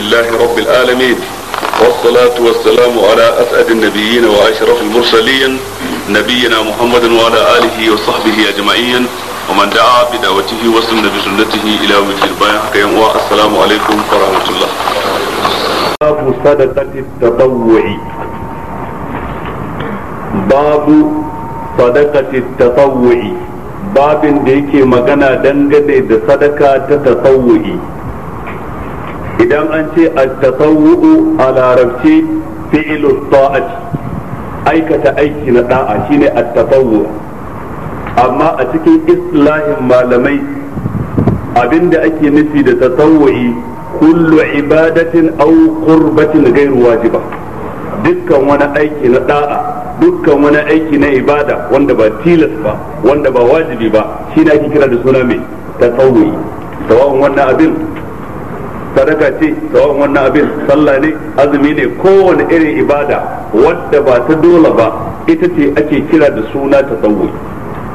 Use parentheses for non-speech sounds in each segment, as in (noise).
لله رب العالمين والصلاة والسلام على أسعد النبيين وأشرف المرسلين نبينا محمد وعلى آله وصحبه أجمعين ومن دعا بدعوته وسن بسنته إلى وجه البيان السلام عليكم ورحمة الله باب صدقة التطوع باب صدقة التطوع باب ديكي مغنى دنجد صدقة التطوع idan an ce at-tatawwu a larabci fi'lu ta'ati aikata aiki na da'a shine at-tatawwu amma a cikin islahin malamai abinda ake nufi da tatawwu'i kullu ibadatin aw qurbatin ghairu wajiba dukkan wani aiki na da'a dukkan wani aiki na ibada wanda ba tilas ba wanda ba wajibi ba shine ake kira da suna mai tatawwu'i sawa'un wannan abin sadaka ce tsawon wannan abin sallah ne azumi ne kowane irin ibada wadda ba ta dole ba ita ce ake kira da suna ta tsawo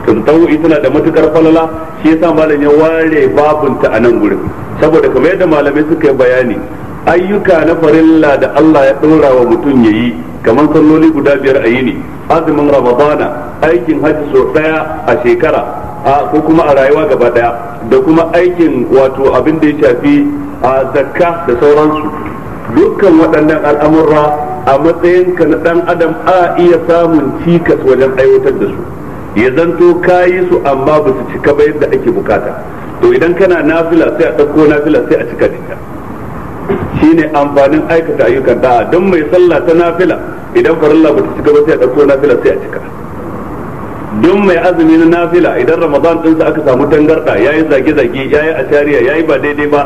tsawo tana da matukar falala shi yasa malam ya ware babunta a nan gurin saboda kamar yadda malamai suka yi bayani ayyuka na farilla da Allah ya ɗora wa mutum ya yi kamar salloli guda biyar a yi ne azumin ramadana aikin hajji sau ɗaya a shekara a ko kuma a rayuwa gaba daya da kuma aikin wato abin da ya shafi a zakka da sauransu dukkan waɗannan al'amurra a matsayinka na ɗan adam a iya samun cikas wajen aiwatar da su ya zanto ka yi su amma ba su cika ba yadda ake bukata to idan kana nafila sai a ɗauko nafila sai a cika cika ne amfanin aikata ayyukan da'a don mai sallah ta nafila idan farilla ba ta cika ba sai a ɗauko nafila sai a cika don mai azumi na nafila idan ramadan ɗinsa aka samu tangarɗa yi zage-zage ya shari'a ashariya yi ba daidai ba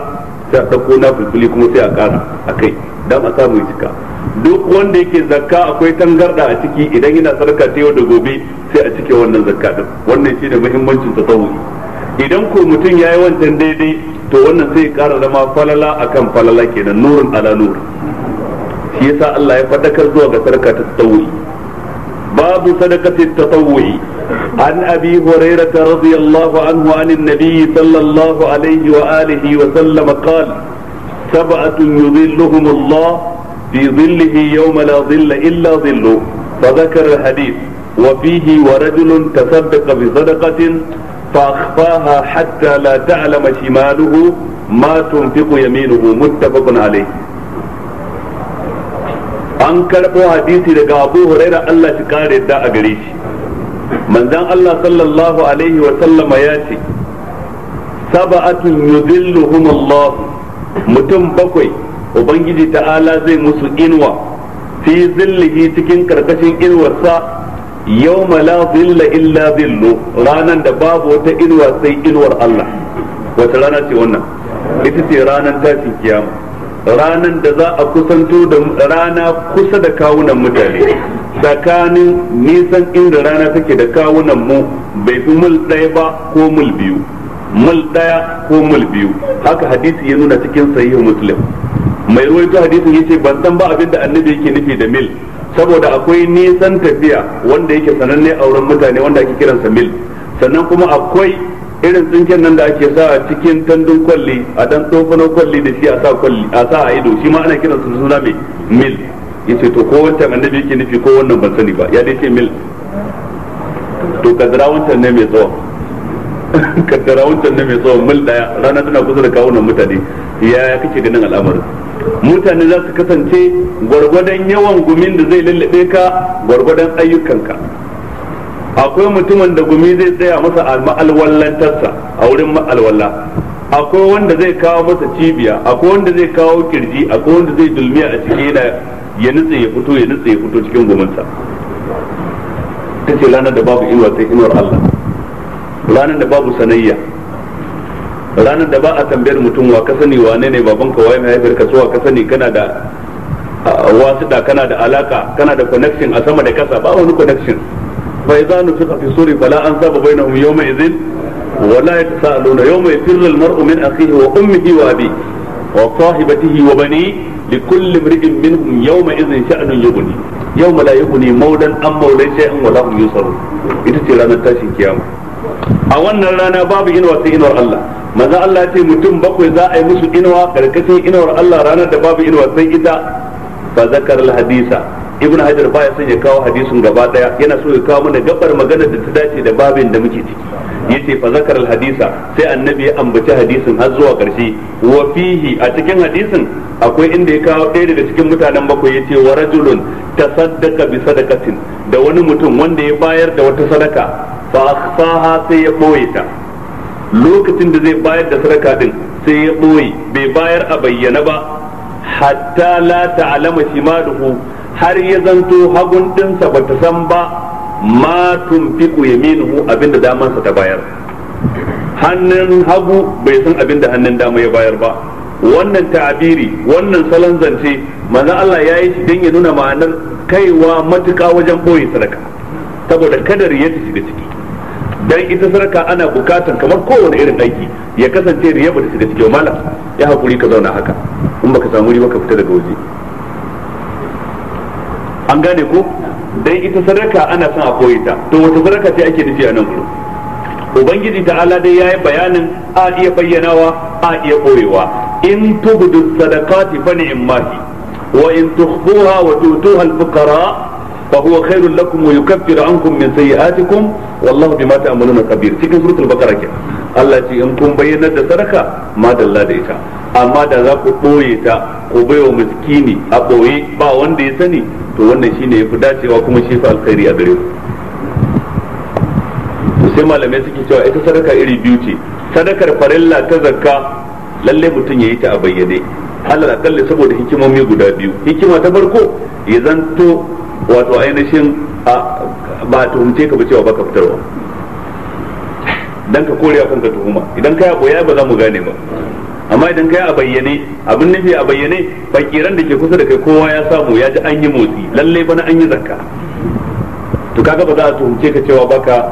sai na fulfuli kuma sai a ƙara a kai dan a samu cika duk wanda yake zakka akwai tangarda a ciki idan yana sadaka ta yau da gobe sai a cike wannan zakka din wannan shine muhimmancin ta tasawuri idan ko mutum yayi wancan daidai to wannan sai ya ƙara zama falala akan falala kenan nurin ala nur shi yasa Allah ya fadakar zuwa ga sadaka ta tasawuri babu sadaka ta عن أبي هريرة رضي الله عنه عن النبي صلى الله عليه وآله وسلم قال سبعة يظلهم الله في ظله يوم لا ظل إلا ظله فذكر الحديث وفيه ورجل تصدق بصدقة فأخفاها حتى لا تعلم شماله ما تنفق يمينه متفق عليه an karɓo hadisi daga abu huraira Allah shi kare da a gare shi manzan Allah sallallahu alaihi wa sallama ya ce sab'atun yudhilluhum Allah mutum bakwai ubangiji ta'ala zai musu inwa fi zillihi cikin karkashin inwarsa yawma la zilla illa zillu ranan da babu wata inwa sai inwar Allah wata rana ce wannan ita ce ranar tashin kiyama ranan da za a kusanto da rana kusa da kawunan mutane tsakanin nisan inda rana take da kawunan mu bai fi mul ɗaya ba ko mul biyu mul ɗaya ko mul biyu haka hadisi ya nuna cikin sahihu muslim mai ruwaito hadisin yace ban san ba abinda annabi yake nufi da mil saboda akwai nisan tafiya wanda yake sananne a wurin mutane wanda ake kiransa mil sannan kuma akwai irin tsinken nan da ake sa a cikin tandun kwalli a dan tsofano kwalli da shi a sa a sa a ido shi ma ana kiransa suna mil yace to ko wancan annabi yake nufi ko wannan ban sani ba ya dace mil to kadara wancan ne mai tsawo (laughs) kadara wancan ne mai tsawo mil daya rana tana kusa da kawunan mutane ya kake ganin al'amarin mutane za su kasance gwargwadon yawan gumin da zai lallabe ka gwargwadon ayyukanka akwai mutumin da gumi zai tsaya masa ma'alwallantarsa a wurin ma'alwalla akwai wanda zai kawo masa cibiya akwai wanda zai kawo kirji akwai wanda zai dulmiya a cikin yana ya nutse ya fito ya nutse ya fito cikin gominsa ta ce ranar da babu inuwa sai inuwar Allah ranar da babu sanayya ranar da ba a tambayar mutum wa ka sani wane ne babanka waye mai haifar ka so ka sani kana da wasu da kana da alaka kana da connection a sama da kasa ba wani connection bai za nu fiqa fi suri fala an saba bainahum yawma idhin wala yatasaaluna yawma yafirru al-mar'u min akhihi wa ummihi wa abihi wa sahibatihi wa banihi لكل امرئ منهم يومئذ شأن يغني يوم لا يغني مولا أم مولا شيئا ولا هم ينصرون ita ce ranar tashin kiyama a wannan rana babu inuwa sai inuwar Allah maza Allah ce mutum bakwai za a yi musu inuwa karkashin inuwar Allah ranar da babu inuwa sai ita fa zakar hadisa ibnu hajar baya son ya kawo hadisin gaba daya yana so ya kawo mana gabar magana da ta dace da babin da muke ciki yace fa zakar hadisa sai annabi ya ambaci hadisin har zuwa ƙarshe wa fihi a cikin hadisin akwai inda ya kawo ɗaya daga cikin mutanen bakwai yace wa rajulun tasaddaqa bi sadaqatin da wani mutum wanda ya bayar da wata sadaka fa akhfaha sai ya boye ta lokacin da zai bayar da sadaka din sai ya boye bai bayar a bayyana ba hatta la ta'lama shimaluhu har ya zanto hagun dinsa bata san ba ma tunfiqu yaminuhu abinda damansa ta bayar hannun hagu bai san abinda hannun dama ya bayar ba wannan ta'abiri wannan salon zance maza Allah ya yi shi don ya nuna ma'anar kaiwa matuƙa wajen boye sadaka saboda kada ya ta shiga ciki dan ita sadaka ana bukatan kamar kowane irin aiki ya kasance riya ba ta shiga ciki malam ya hakuri ka zauna haka in baka samu riba ka fita daga waje an gane ko dai ita sadaka ana son a koyi ta to wata sadaka ce ake nufi a nan gurin ubangiji ta'ala dai yayi bayanin a iya bayyanawa a iya koyewa in tubdu sadaqati fa ni'mati wa in tukhfuha wa tutuha al-fuqara fa huwa khairul lakum wa yukaffiru ankum min sayi'atikum wallahu bima ta'maluna khabir cikin suratul baqara ke Allah ce in kun bayyanar da sadaka ma dalla da ita amma da za ku ɓoye ta ku baiwa miskini a ɓoye ba wanda ya sani to wannan shine yafi dacewa kuma shi fa alkhairi a gare ku sai malamai suke cewa ita sadaka iri biyu ce sadakar farilla ta zakka lalle mutum yayi ta a bayyane halar akalli saboda hikimomi guda biyu hikima ta farko ya zanto wato ainihin ba hunce ka ba cewa baka fitarwa dan ka kore kanka tuhuma idan ka ya ba za mu gane ba amma idan kai a bayyane abin nufi a bayyane fakiran da ke kusa da kai kowa ya samu ya ji an yi motsi lallai bana an yi zakka to kaga ba za a tuhumce ka cewa baka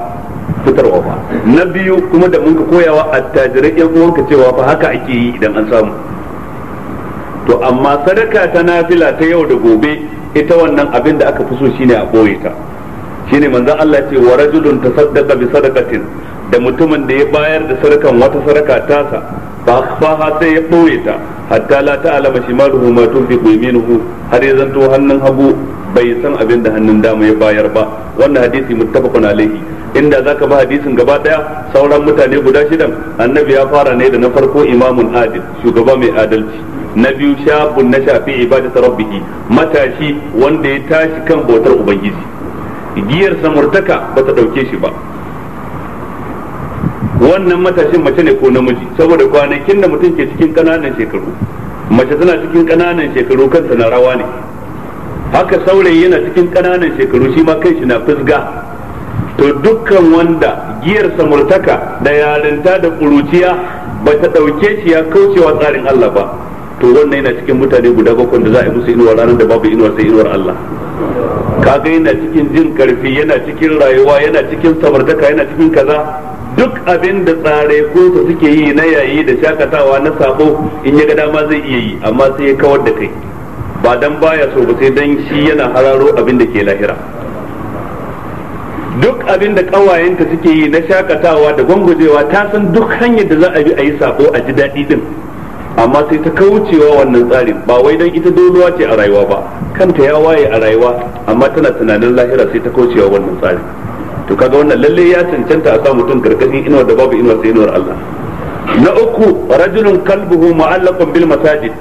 fitarwa ba na biyu kuma da mun ka koyawa attajirai yan uwanka cewa fa haka ake yi idan an samu to amma sadaka ta nafila ta yau da gobe ita wannan abin da aka fi so shine a boye ta shine manzon Allah ce wa rajulun tasaddaqa bi sadaqatin da mutumin da ya bayar da sarakan wata saraka tasa fa akhfaha sai ya boye ta hatta la shi maruhu ma tunfiqu yaminuhu har ya zanto hannun hagu bai san abin da hannun dama ya bayar ba wannan hadisi muttafaqun alaihi inda zaka ba hadisin gaba daya sauran mutane guda shidan annabi ya fara ne da na farko imamun adil shugaba mai adalci na biyu shabun na shafi ibadatu biki matashi wanda ya tashi kan bautar ubangiji giyar samurtaka bata dauke shi ba wannan matashin mace ne ko namiji saboda kwanakin da mutum ke cikin kananan shekaru mace tana cikin kananan shekaru kansa na rawa ne haka saurayi yana cikin kananan shekaru shi ma kanshi na fisga to dukkan wanda giyar samurtaka da yarinta da kuruciya ba ta ɗauke shi ya kaucewa tsarin Allah ba to wannan yana cikin mutane guda bakwai da za a yi musu inuwar ranar da babu inuwar sai inuwar Allah kaga yana cikin jin karfi yana cikin rayuwa yana cikin samartaka yana cikin kaza duk abin da tsare kunsa suke yi na yayi da shakatawa na sabo in ya ga dama zai iya yi amma sai ya kawar da kai ba dan baya so ba sai dan shi yana hararo abin da ke lahira duk abin da kawayenta suke yi na shakatawa da gwangwajewa ta san duk hanyar da za a bi a yi sabo a ji daɗi din amma sai ta kaucewa wannan tsarin ba wai dan ita doluwa ce a rayuwa ba kanta ya waye a rayuwa amma tana tunanin lahira sai ta kaucewa wannan tsarin to kaga wannan lalle ya cancanta a sa mutum karkashin inuwar da babu inuwar sai inuwar Allah na uku rajulun kalbuhu mu'allaqun bil masajid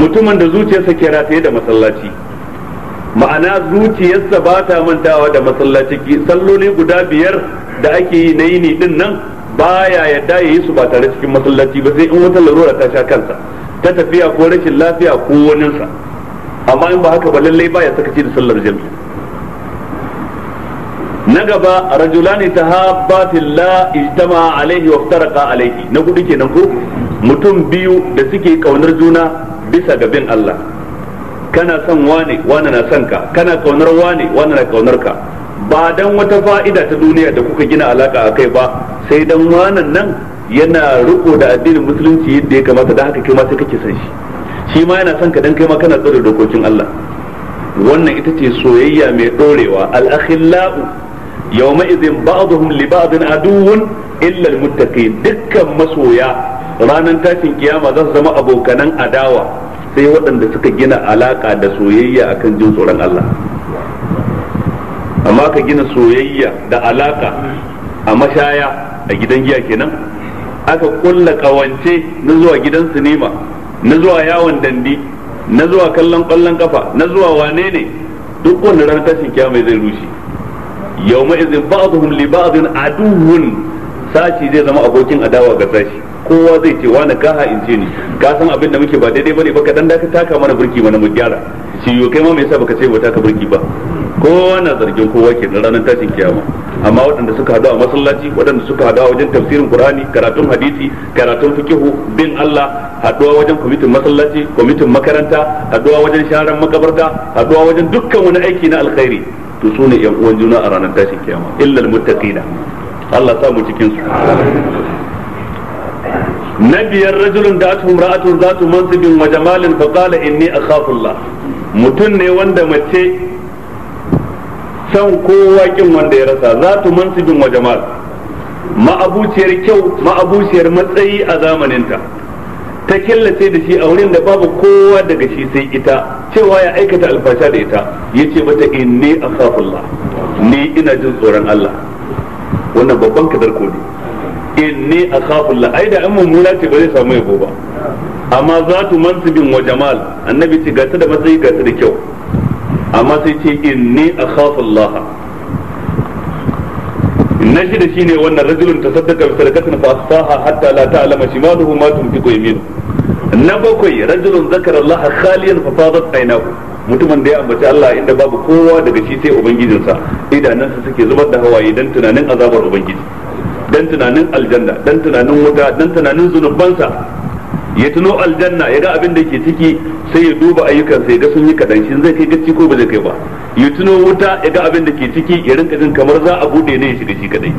mutumin da zuciyarsa ke rataye da masallaci ma'ana zuciyarsa ba ta mantawa da masallaci salloli guda biyar da ake yi na yini din nan baya yadda ya yi su ba tare cikin masallaci ba sai in wata larura ta sha kansa ta tafiya ko rashin lafiya ko waninsa amma in ba haka ba lallai ba ya sakaci da sallar jami'a. na gaba rajulani tahabba fillah ijtama alaihi wa alaihi na hudu kenan ko mutum biyu da suke kaunar juna bisa ga bin Allah kana son wane wane na son ka kana kaunar wane wane na kaunar ka ba dan wata fa'ida ta duniya da kuka gina alaka kai ba sai dan wani nan yana riko da addinin musulunci yadda ya kamata da haka kai ma sai kake son shi shi ma yana son ka dan kai ma kana tsare dokokin Allah wannan ita ce soyayya mai ɗorewa, al yawma idhin ba'dhum li ba'dhin aduwwun illa almuttaqin dukkan masoya ranar tashin kiyama za su zama abokanan adawa sai waɗanda suka gina alaka da soyayya akan jin tsoron Allah amma ka gina soyayya da alaka a mashaya a gidan giya kenan aka kulla kawance na zuwa gidan sinima na zuwa yawon dandi na zuwa kallon kwallon kafa na zuwa wane ne duk wani ranar tashin kiyama zai rushe yawma izin ba'dhum li ba'dhin aduhun sashi zai zama abokin adawa ga sashi kowa zai ce wani ka ce ni ka san abin da muke ba daidai bane ba kadan da ka taka mana burki mana mu gyara shi yo kai ma me yasa baka ce ba taka burki ba kowa na zargin kowa ke ranar tashin kiyama amma waɗanda suka hadu a masallaci waɗanda suka hadu a wajen tafsirin qur'ani karatun hadisi karatun fikihu bin Allah haduwa wajen kwamitin masallaci kwamitin makaranta haduwa wajen sharan makabarta haduwa wajen dukkan wani aiki na alkhairi to su ne yan uwan juna a ranar tashin kiyama illal muttaqina Allah sa mu cikin su na biyar rajulun da atu ra'atun zatu mansibin wa jamalin fa qala inni akhafullah mutum ne wanda mace san kowa kin wanda ya rasa zatu mansibin wa jamal ma'abuciyar kyau ma'abuciyar matsayi a zamaninta ta killace da shi a wurin da babu kowa daga shi sai ita cewa ya aikata alfasha da ita ya yace mata inni akhafullah ni ina jin tsoron Allah wannan babban kadar ko ne inni akhafullah ai da an mummuna ce ba zai samu yabo ba amma zatu mansibin wa jamal annabi ce gata da matsayi gata da kyau amma sai ce inni akhafullah na shida shine wannan rajulun tasaddaqa bi sadaqatin fa asfaha hatta la ta'lama shimaluhu ma tunfiqu yaminuhu na bakwai rajulun zakara Allah khaliyan fa fadat aynahu mutumin da ya ambaci Allah inda babu kowa daga shi sai ubangijinsa idanansa suke zubar da hawaye dan tunanin azabar ubangiji dan tunanin aljanna dan tunanin wuta dan tunanin zunubansa ya tuno aljanna ya ga abin da yake ciki sai ya duba ayyukansa ya ga sun yi kadan shin zai kai gaci ko ba zai kai ba ya tuno wuta ya ga abin da ke ciki ya rinka jin kamar za a bude ne ya shiga shi kadai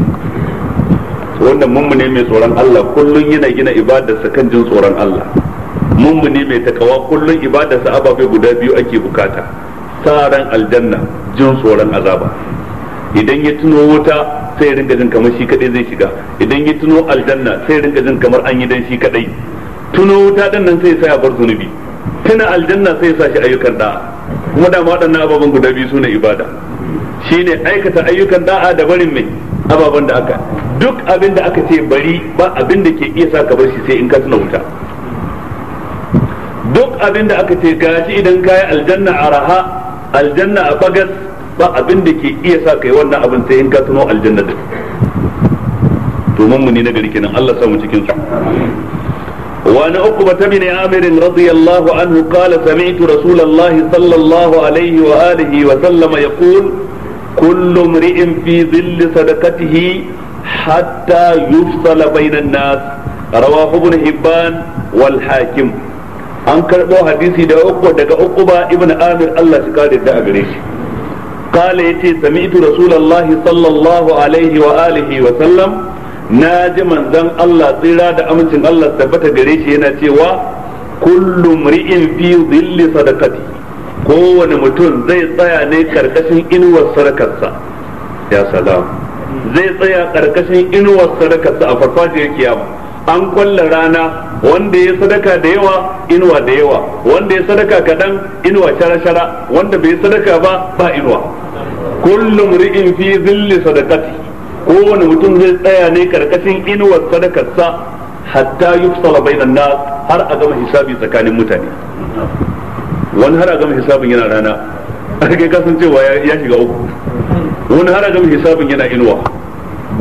wannan mummune mai tsoron Allah kullun yana gina ibadarsa kan jin tsoron Allah mummuni mai takawa kullum ibadarsa ababai guda biyu ake bukata tsaran aljanna jin tsoron azaba idan ya tuno wuta sai ringa jin kamar shi kadai zai shiga idan ya tuno aljanna sai ringa jin kamar an yi dan shi kadai tuno wuta din nan sai ya sa ya bar zunubi tuna aljanna sai ya sa shi ayyukan da'a kuma ma waɗannan ababen guda biyu sune ibada shine aikata ayyukan da'a da barin mai ababen da aka duk abin da aka ce bari ba abin da ke iya sa ka bar shi sai in ka tuna wuta duk abin da aka ce gashi idan kayi aljanna a raha aljanna a bagas ba abin da ke iya sa kai wannan abin sai in ka tuno aljanna da to mun muni na gari kenan Allah samu cikin su wa na uku وعن عقبة بن عامر رضي الله عنه قال سمعت رسول الله صلى الله عليه وآله وسلم يقول mri'in fi في ظل hatta yufsala bainan nas rawahu ibn hibban wal hakim an karɓo hadisi da uku daga uku ba ibn amir Allah shi kare da a gare shi kala ce, sami'tu rasulullahi sallallahu alaihi wa alihi wa sallam na ji manzan Allah tsira da amincin Allah tabbata gare shi yana cewa kullu mri'in fi dhilli sadakati. kowane mutum zai tsaya ne karkashin inuwar sadakarsa ya salam zai tsaya karkashin inuwar sadakarsa a farfajiyar kiyama an kwalla rana wanda ya sadaka da yawa inuwa da yawa wanda ya sadaka kadan inuwa shara-shara wanda bai sadaka ba ba inuwa kullum ri'in fi zilli sadakati kowane mutum zai tsaya ne karkashin inuwar sadakarsa hatta yufsala bainan na har a gama hisabi tsakanin mutane wani har a gama hisabin yana rana a kai kasancewa ya shiga uku wani har a gama hisabin yana inuwa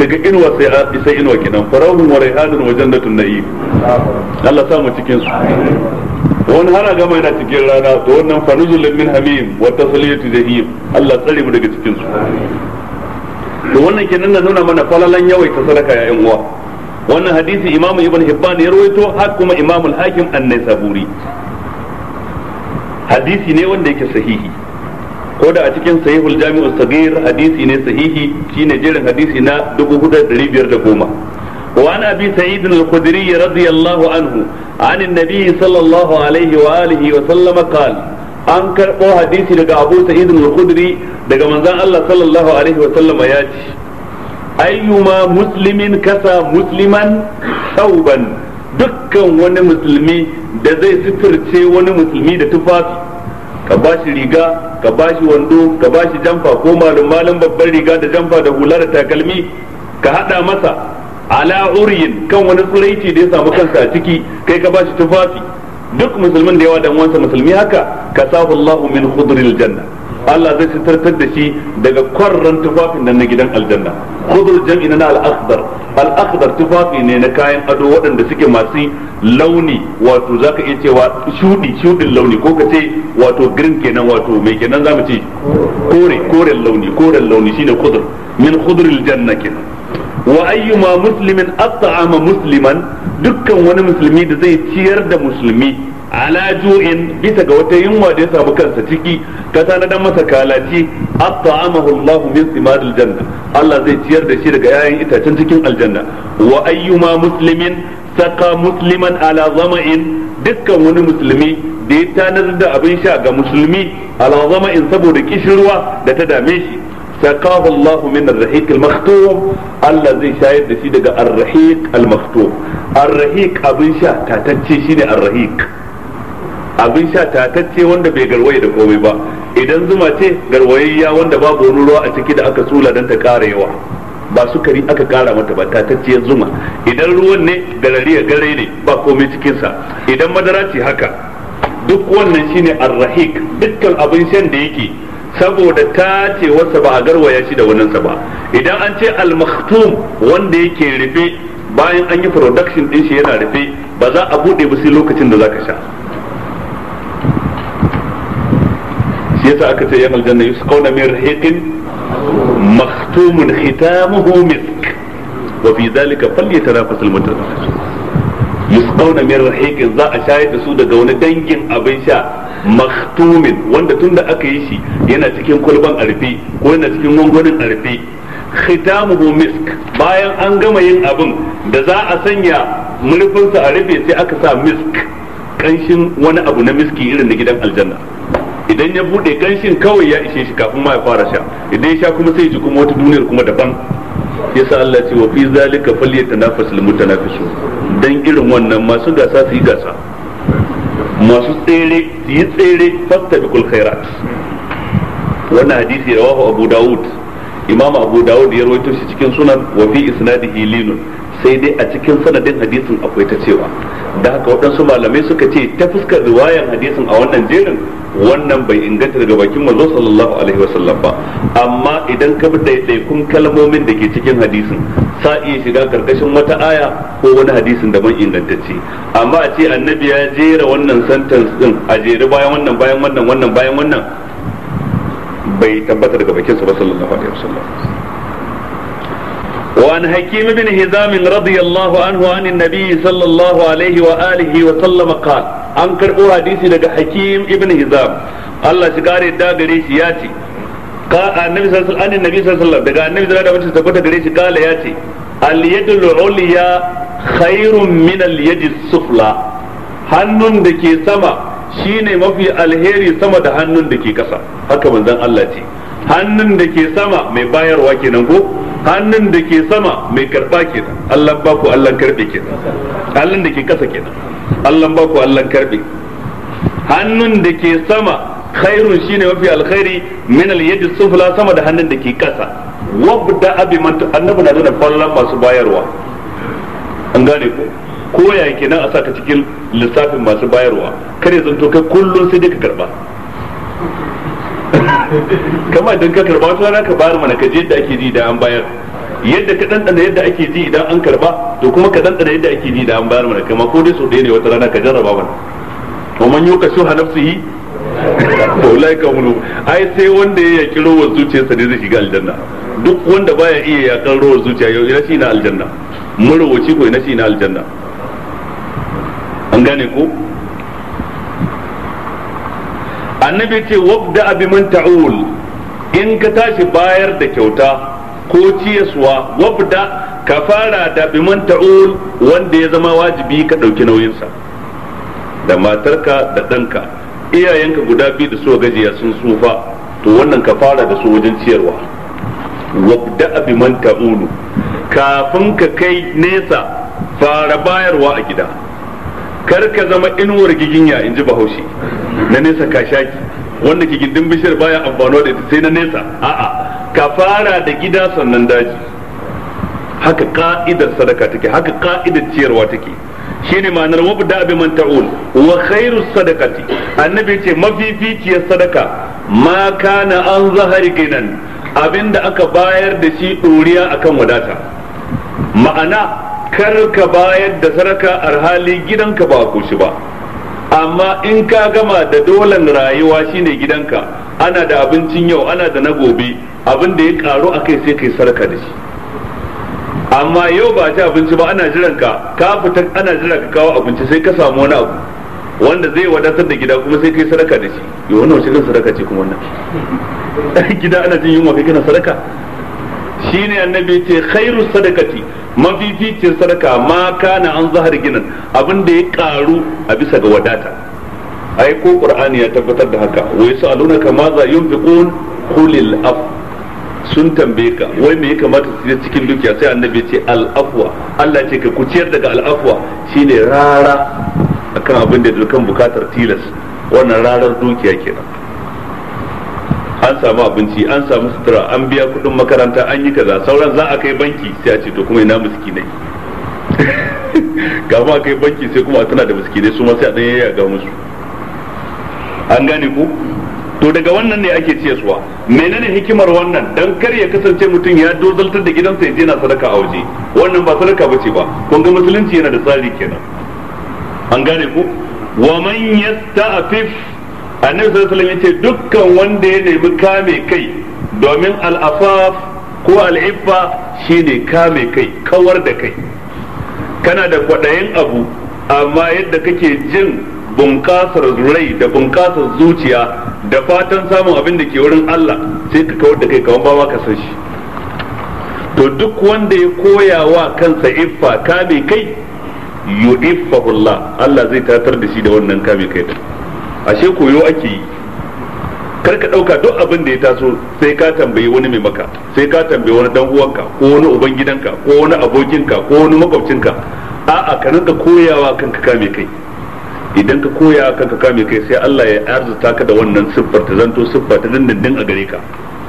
daga inuwa sai sai inuwa kenan farawun wa rayhanun wa jannatun na'im Allah sa mu cikin su wani hana gama yana cikin rana to wannan fanuzulun min hamim wa tasliyatu jahim Allah tsare mu daga cikin su to wannan kenan na nuna mana falalan ta sadaka ya yan uwa wannan hadisi Imam Ibn Hibban ya rawaito har kuma Imam Al-Hakim An-Naisaburi hadisi ne wanda yake sahihi ko da a cikin sahihul jami'u sagir hadisi ne sahihi shine jirin hadisi na 4510 wa an abi sa'id al-khudri radiyallahu anhu an annabi sallallahu alaihi wa alihi wa sallam qala an karbo hadisi daga abu sa'id al-khudri daga manzon Allah sallallahu alaihi wa sallam ya ce ayyuma muslimin kasa musliman sauban dukkan wani musulmi da zai suturce wani musulmi da tufafi ka ba shi riga ka ba shi wando ka ba shi jamfa ko malum malam babban riga da jamfa da hula da takalmi ka hada masa ala uriyin kan wani tsiraici da ya samu kansa a ciki kai ka ba shi tufafi duk musulmin da yawa dan wansa musulmi haka kasahu Allahu min khudril janna Allah zai tartar da shi daga kwarran tufafin nan na gidan aljanna khudul jam'ina na al-akhdar al-akhdar tufafi ne na kayan ado waɗanda suke masu launi wato zaka iya cewa shudi shudin launi ko ka ce wato green kenan wato mai kenan zamu ce kore koren launi koren launi shine khudur min khuduril janna kenan wa ayyuma muslimin at'ama musliman dukkan wani musulmi da zai ciyar da musulmi ala ju'in bisa ga wata yunwa da ya samu kansa ciki ka tanadan masa kalaci at'amahu Allahu min simadil janna Allah zai ciyar da shi daga 'ya'yan itacen cikin aljanna wa ayyuma muslimin saka musliman ala zama'in dukkan wani musulmi da ya tanar da abin sha ga musulmi ala zama'in saboda kishirwa da ta dame shi سقاه الله من الرحيق المختوم الذي شاهد da shi daga الرحيق المختوم الرحيق abin sha tatacce shine الرحيق abin sha tatacce wanda bai garwaye da komai ba idan zuma ce garwayayya wanda babu wani ruwa a ciki da aka sula don ta kara yawa ba sukari aka kara mata ba tatacciyar zuma idan ruwan ne garari gare ne ba komai cikinsa idan madara ce haka duk wannan shine arrahik dukkan abin shan da yake saboda ta ce wasa ba a garwaya shi da waninsa ba idan an ce almaktum wanda yake rufe bayan an yi production din shi yana rufe ba za a bude ba sai lokacin da zaka sha yasa aka ce yan aljanna yusqawna min rahiqin makhtumun khitamuhu misk wa fi dhalika falyatanafasul mutanafisun yusqawna min rahiqin za a shayar da su daga wani dangin abin sha makhtumin wanda tunda aka yi shi yana cikin kwalban arfi ko yana cikin gwangwanin arfi khitamuhu misk bayan an gama yin abin da za a sanya murfinsa a rufe sai aka sa misk kanshin wani abu na miski irin na gidan aljanna idan ya bude ganshin kawai ya ishe shi kafin ma ya fara sha idan ya sha kuma sai ji kuma wata duniyar kuma daban yasa Allah ce wa fi zalika falyatanafasul mutanafisun dan irin wannan masu gasa su yi gasa masu tsere su yi tsere fastabiqul khairat wannan hadisi rawahu Abu Dawud Imam Abu Dawud ya rawaito shi cikin sunan wa fi isnadihi sai dai a cikin sanadin hadisin akwai ta cewa da haka waɗansu malamai suka ce ta fuskar riwayan hadisin a wannan jerin wannan bai inganta daga bakin manzo sallallahu alaihi wasallam ba amma idan ka bi daidaikun kalmomin da ke cikin hadisin sa iya shiga karkashin wata aya ko wani hadisin daban ingantacce amma a ce annabi ya jera wannan sentence din a jere bayan wannan bayan wannan wannan bayan wannan bai tabbata daga bakinsa ba sallallahu alaihi wasallam وعن حكيم بن هزام رضي الله عنه عن النبي صلى الله عليه وآله وسلم قال أنكر حديثي لك حكيم بن هزام الله شكاري الداغري سياتي قال النبي صلى الله عليه النبي صلى الله عليه وسلم daga annabi da da mutum tabbata gare shi ya ce al yadul ulya khairun min sufla hannun da ke sama shine mafi alheri sama da hannun da ke kasa haka manzon Allah ce hannun da ke sama mai bayarwa kenan ko hannun da ke sama mai karba kenan Allah ba ku Allah karbe kenan hannun da ke kasa kenan Allah ba ku Allah karbe hannun da ke sama khairun shine mafi alkhairi min al-yadi sufla sama da hannun da ke kasa wabda abi man annabi na da fallan masu bayarwa an gane ko ko ya nan a saka cikin lissafin masu bayarwa kare zanto kai kullun sai dai ka karba kama idan ka karba wata rana ka bayar mana ka je yadda ake ji da an bayar yadda ka dandana yadda ake ji idan an karba to kuma ka dandana yadda ake ji da an bayar mana kama ko dai so ɗaya ne wata rana ka jarraba mana to man yuka ha nafsihi fa ulai ka mulu ai sai wanda ya yaki rowar zuciyarsa ne zai shiga aljanna duk wanda baya iya yakan rowar zuciya yau ina shi na aljanna mun rawaci ko ina shi na aljanna an gane ko annabi ce wabda abimanta man ta'ul in ka tashi bayar da kyauta ko ciyaswa wabda ka fara da bi man ta'ul wanda ya zama wajibi ka ɗauki nauyinsa da matarka da ɗanka iyayenka guda biyu da suka gajiya sun tsufa to wannan ka fara da su wajen ciyarwa wabda abi man ta'ulu kafin ka kai nesa fara bayarwa a gida kar ka zama inuwar giginya in ji bahaushe na nesa ka shaki wanda ke gindin bishiyar baya amfano da ita sai na nesa a'a ka fara da gida sannan daji haka ka'idar sadaka take haka ka'idar ciyarwa take shine ma'anar wabda bi man ta'ul wa khairu sadakati. annabi ce mafificiyar sadaka ma kana an zahari ginan abinda aka bayar da shi a akan wadata ma'ana kar ka bayar da sadaka arhali gidanka ba a koshi ba amma in ka gama da dolan rayuwa shine gidanka ana da abincin yau ana da na gobe abin da ya karu a kai sai kai sarka da shi amma yau ba ci abinci ba ana jiran ka ka fita ana jiran ka kawo abinci sai ka samu wani abu wanda zai wadatar da gida kuma sai kai sadaka da shi yau wannan wace kan sadaka ce kuma wannan (laughs) gida ana jin yunwa kai kana sadaka shine annabi ce khairu sadakati mafificin sadaka ma kana an zahar ginin abin da ya karu a bisa ga wadata ai ko qur'ani ya tabbatar da haka wai su aluna ka ma za yunfiqun qulil af sun tambaye ka wai me ya kamata su cikin dukiya sai annabi ce afwa Allah ce ka kuciyar daga al'afwa shine rara akan abin da dukan bukatar tilas wannan rarar dukiya kenan an samu abinci an samu sutura an biya kuɗin makaranta an yi kaza sauran za a kai banki sai a ce to kuma ina miskinai kafin (laughs) a kai banki sai kuma tana da miskinai su ma sai a ɗan ga musu an gane ku to daga wannan ne ake suwa menene hikimar wannan dan kar ya kasance mutum ya dozaltar da gidansa ya je na sadaka a waje wannan ba sadaka bace ba kun ga musulunci yana da tsari kenan an gane ku wa man yasta'fif annabi sallallahu alaihi wasallam yace dukkan wanda ya nemi kame kai domin al'afaf ko al'iffa shine kame kai kawar da kai kana da kwaɗayin abu amma yadda kake jin bunkasar rai da bunkasar zuciya da fatan samun abin da ke wurin Allah sai ka kawar da kai kamar ba ka san shi to duk wanda ya koya wa kansa iffa kame kai yu'iffahu Allah Allah zai tatar da shi da wannan kame kai din ashe koyo ake yi kar ka ɗauka duk abin da ya taso sai ka tambayi wani mai maka sai ka tambayi wani dan uwanka ko wani uban gidanka ko wani abokinka ko wani makwabcinka a'a ka rinka koyawa kanka kame kai idan ka koya kanka kame kai sai Allah ya arzuta ka da wannan siffar ta zanto siffa ta dindindin a gare ka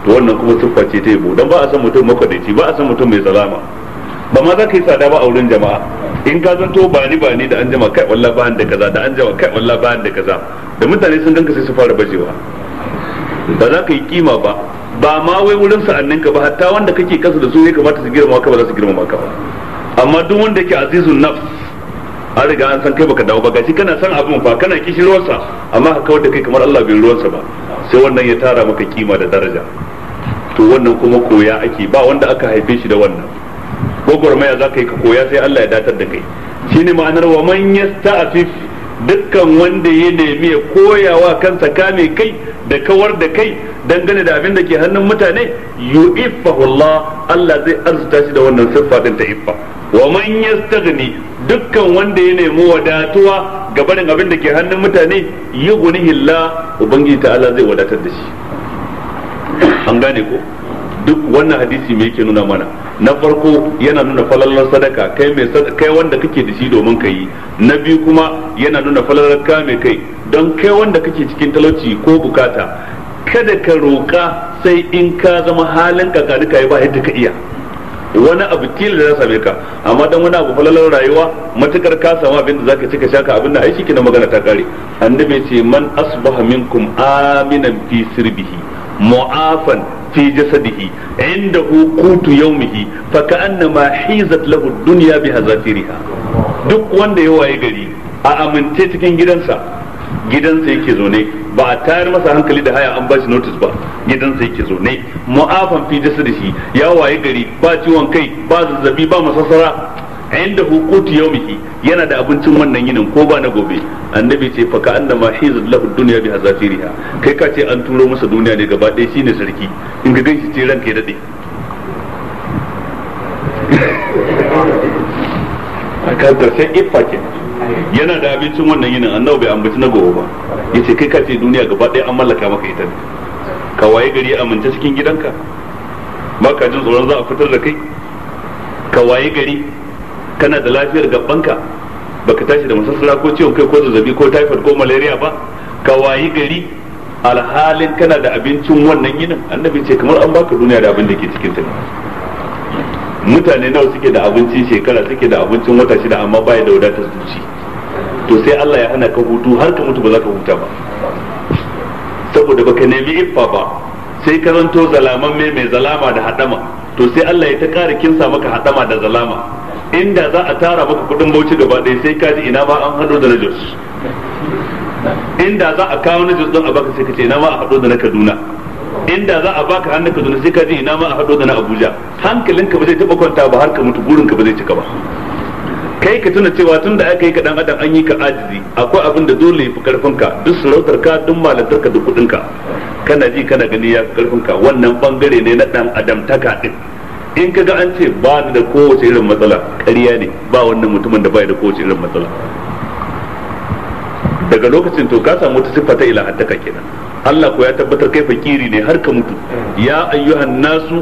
to wannan kuma siffa ce ta yabo dan ba a san mutum makwadaici ba a san mutum mai salama ba ma za ka yi tsada ba a wurin jama'a in ka zanto ba ni ba ni da an jama'a kai wallahi ba da kaza da an jama'a kai wallahi ba da kaza da mutane sun ganka sai su fara bajewa ba za ka yi kima ba ba ma wai wurin ka ba hatta wanda kake kasa da su ya kamata su girma ka ba za su girma ka ba amma duk wanda yake azizun nafs an riga an san kai baka dawo ba gashi kana san abin fa kana kishi sa. amma ka kawar kai kamar Allah bai ruwansa ba sai wannan ya tara maka kima da daraja to wannan kuma koya ake ba wanda aka haife shi da wannan gwagwarmaya za ka yi ka koya sai Allah ya datar da kai shine ma'anar wa man yasta'fif dukkan wanda ya nemi ya koya wa kansa kame kai da kawar da kai dangane da abin da ke hannun mutane yu'iffahu Allah Allah zai arzuta shi da wannan siffa din ta iffa wa man yastaghni dukkan wanda ya nemi wadatuwa ga barin abin da ke hannun mutane yughnihi Allah ubangiji Allah zai wadatar da shi an gane ko duk wannan hadisi me yake nuna mana na farko yana nuna falalar sadaka kai mai kai wanda kake da shi domin ka yi na biyu kuma yana nuna falalar kame kai don kai wanda kake cikin talauci ko bukata kada ka roƙa sai in ka zama halin ka ka yi ba yadda ka iya wani abu kila da za same ka amma dan wani abu falalar rayuwa matukar ka samu abin da zaka ci ka sha ka abin da ai shi magana ta kare annabi ce man asbaha minkum aminan fi sirbihi mu'afan fi jasadihi indahu qutu yawmihi fa ka'annama hizat lahu dunya bi hazafiriha duk wanda ya waye gari a amince cikin gidansa gidansa yake zaune ba a tayar masa hankali da haya an bashi notice ba gidansa yake zaune mu'afan fi jasadihi ya waye gari ba ciwon kai ba zazzabi ba masasara inda hukutu yau miki yana da abincin wannan yinin ko ba na gobe annabi ce fa ka annama hizul lahu dunya bi hazafiriha kai ka ce an turo masa duniya ne gaba ɗaya shine sarki in ka ganshi ce ranka ya dade aka karshen ifa ke yana da abincin wannan yinin annabi bai ambaci na gobe ba yace kai ka ce duniya gaba ɗaya an mallaka maka ita ne ka waye gari amince cikin gidanka ba ka jin tsoron za a fitar da kai ka waye gari kana da lafiyar gabanka baka tashi da masassara ko ciwon kai ko zazzabi ko typhoid ko malaria ba ka wayi gari alhalin kana da abincin wannan yinin annabi ce kamar an baka duniya da abin da ke cikin ta mutane nawa suke da abinci shekara suke da abincin wata shida amma baya da wadatar zuci to sai Allah ya hana ka hutu har ka mutu ba za ka huta ba saboda baka nemi iffa ba sai ka zanto zalaman mai mai zalama da hadama to sai Allah ya ta kara kinsa maka hadama da zalama inda za a tara maka kudin bauchi gaba ɗaya sai ka ji ina ma an haɗo da na jos inda za a kawo najos jos don a baka sai ka ce ina ma a haɗo da na kaduna inda za a baka hannun kaduna sai ka ji ina ma a haɗo da na abuja hankalin ka ba zai taɓa kwanta ba har ka mutu burinka ba zai cika ba kai ka tuna cewa tun da aka yi ka dan adam an yi ka ajizi akwai abin da dole fi karfin ka duk sarautar ka duk malantar ka duk kudin ka kana ji kana gani ya karfin ka wannan bangare ne na dan adam taka din in ka ga an ce ba ni da kowace irin matsala ƙarya ne ba wannan mutumin da ba da kowace irin matsala daga lokacin to ka samu ta siffa ta ilahattaka kenan Allah ko ya tabbatar kai fakiri ne har ka mutu ya ayyuhan nasu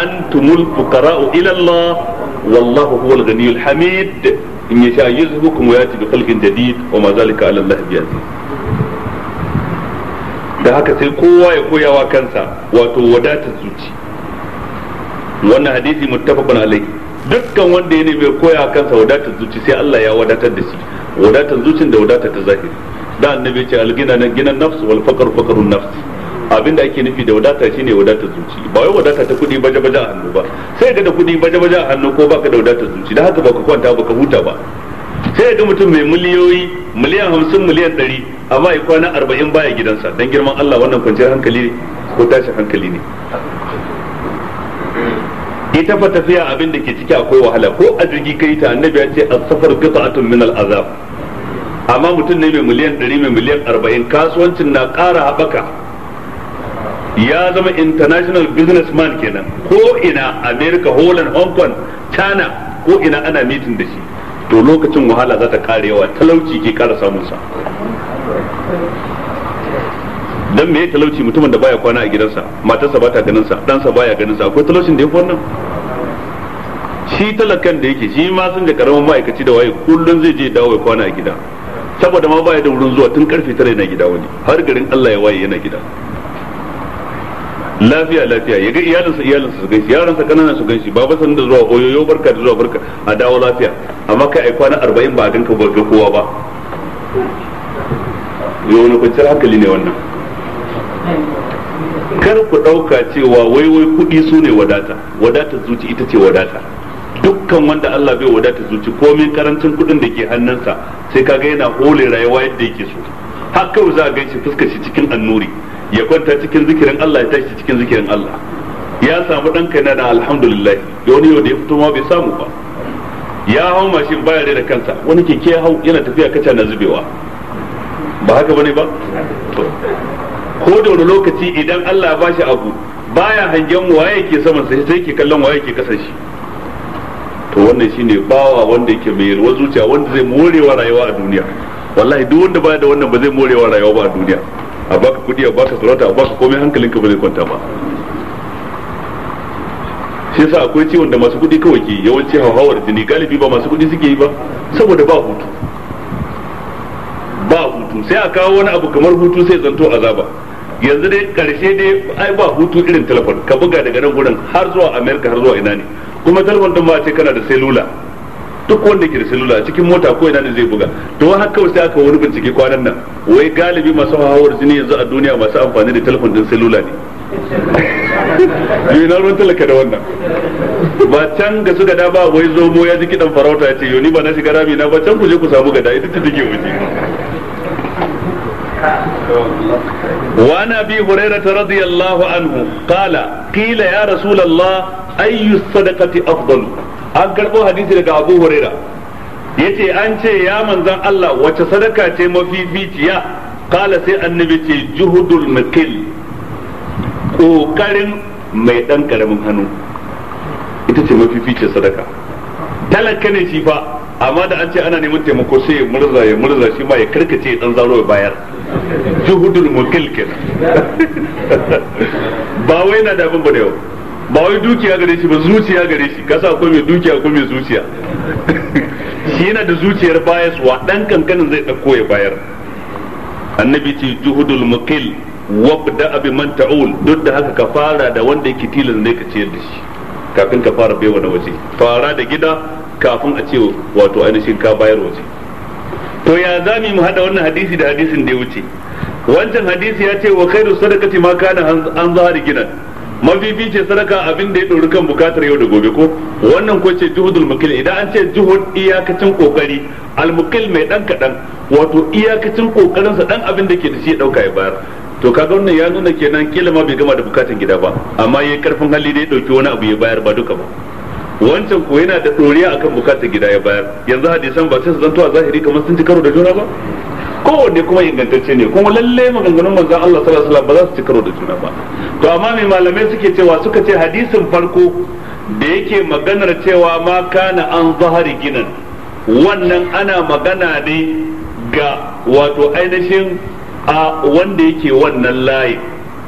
antumul fuqara'u ila Allah wallahu huwal ghaniyul hamid in yasha yuzhibukum wa yati bi khalqin jadid wa ma zalika ala Allah bi da haka sai kowa ya koyawa kansa wato wadatar zuci wannan hadisi muttafaqun alaihi dukkan wanda ya nemi koya kansa wadatar zuci sai Allah ya wadatar da shi wadatar zucin da wadatar ta zahiri da annabi ce algina na ginan nafs wal faqr faqrun nafs abinda ake nufi da wadata shine wadatar zuci ba wai wadata ta kudi baje baje a hannu ba sai ga da kudi baje baje a hannu ko baka da wadatar zuci dan haka baka kwanta baka huta ba sai ga mutum mai miliyoyi miliyan hamsin miliyan ɗari amma ya kwana arba'in baya gidansa don girman Allah wannan kwanciyar hankali ko tashin hankali ne ita fa tafiya abin da ke ciki akwai wahala ko a jirgi kai ta annabi ya ce as-safar qita'atun min al-azab amma mutum ne mai miliyan 100 mai miliyan 40 kasuwancin na ƙara haɓaka ya zama international businessman kenan ko ina america holland hong kong china ko ina ana mitin da shi to lokacin wahala za ta karewa talauci ke kara samunsa dan me talauci mutumin da baya kwana a gidansa matarsa ba ta ganin sa sa baya ganin sa akwai talaucin da yake wannan shi talakan da yake shi ma sun da karaman ma'aikaci da waye kullun zai je dawo ya kwana a gida saboda ma baya da wurin zuwa tun karfe 9 yana gida wani har garin Allah ya waye yana gida lafiya lafiya ya ga iyalinsa iyalinsa su gaishe sa kanana su gaishe baba san da zuwa oyoyo barka da zuwa barka a dawo lafiya amma kai ai kwana 40 ba a ganka ba ga kowa ba yau wani kwanciyar hankali ne wannan kar ku ɗauka cewa wai wai kuɗi su ne wadata wadata zuci ita ce wadata dukkan wanda Allah bai wadata zuci komai karancin kuɗin da ke hannunsa sai kaga yana hole rayuwa yadda yake so har kawai za a gan shi fuskar shi cikin annuri ya kwanta cikin zikirin Allah ya tashi cikin zikirin Allah ya samu ɗan kai na alhamdulillah ya wani yau da ya fito ma bai samu ba ya hau mashin baya da kansa wani keke ya hau yana tafiya kaca na zubewa ba haka bane ba ko da wani lokaci idan Allah ba shi abu baya hangen waye ke saman sai sai ke kallon waye ke kasan shi to wannan shine bawa wanda yake mai ruwa zuciya wanda zai morewa rayuwa a duniya wallahi duk wanda baya da wannan ba zai morewa rayuwa ba a duniya a baka kudi a baka sarauta a baka komai hankalinka ba zai kwanta ba shi yasa akwai ciwon da masu kudi kawai ke yawanci hauhawar jini galibi ba masu kudi suke yi ba saboda ba hutu ba hutu sai a kawo wani abu kamar hutu sai zanto azaba yanzu dai karshe dai ai ba hutu irin telefon ka buga daga nan gudan har zuwa Amerika har zuwa ina ne kuma telefon din ma ce kana da selula duk wanda ke da selula cikin mota ko ina ne zai buga to har kawai sai aka wani bincike kwanan nan wai galibi masu hawar jini yanzu a duniya masu amfani da telefon din selula ne yau (laughs) na ruwan talaka da wannan ba can ga su gada ba wai zomo ya ji kidan farauta ya ce yau ni ba na shiga rami na ba can ku je ku samu gada ita ta take waje وعن biyu هريره ta الله anhu kala kila ya رسول الله اي الصدقه an karbo hadisi daga abu huraira yace an ce ya manzan Allah wace sadaka ce mafificiya kala sai annabi ce juhudul makil kokarin mai dan karamin hannu ita ce mafificiyar sadaka talaka ne shi fa amma da an ce ana neman taimako sai ya murza ya murza shi ma ya karkace ya dan zaro ya bayar juhudul mukil kenan ba wai na da abin yau ba wai dukiya gare shi ba zuciya gare shi kasa ko mai dukiya ko mai zuciya shi yana da zuciyar wa dan kankanin zai dauko ya bayar annabi ce juhudul mukil wabda abi man ta'ul duk da haka ka fara da wanda yake tilin ne ka ciyar da shi kafin ka fara bai wani waje fara da gida kafin a ce wato ainihin ka bayar waje to ya zami mu hada wannan hadisi da hadisin da ya wuce wancan hadisi ya ce wa khairu sadaqati ma kana an zahari ginan mafifi ce sadaka abin da ya dori kan bukatar yau da gobe ko wannan ko ce juhudul mukil idan an ce juhud iyakacin kokari almukil mai dan kadan wato iyakacin kokarin sa dan abin da ke da shi ya dauka ya bayar to kaga wannan ya nuna kenan kila ma bai gama da bukatun gida ba amma yayi karfin hali da ya dauki wani abu ya bayar ba duka ba wancan ko yana da doriya akan bukatar gida ya bayar yanzu hadisan ba sai su zanto a zahiri kamar sun ci karo da juna ba kowanne kuma ingantacce ne kuma lalle maganganun manzon Allah sallallahu alaihi wasallam ba za su ci karo da juna ba to amma mai malamai suke cewa suka ce hadisin farko da yake maganar cewa ma kana an zahari ginan wannan ana magana ne ga wato ainihin a wanda yake wannan layin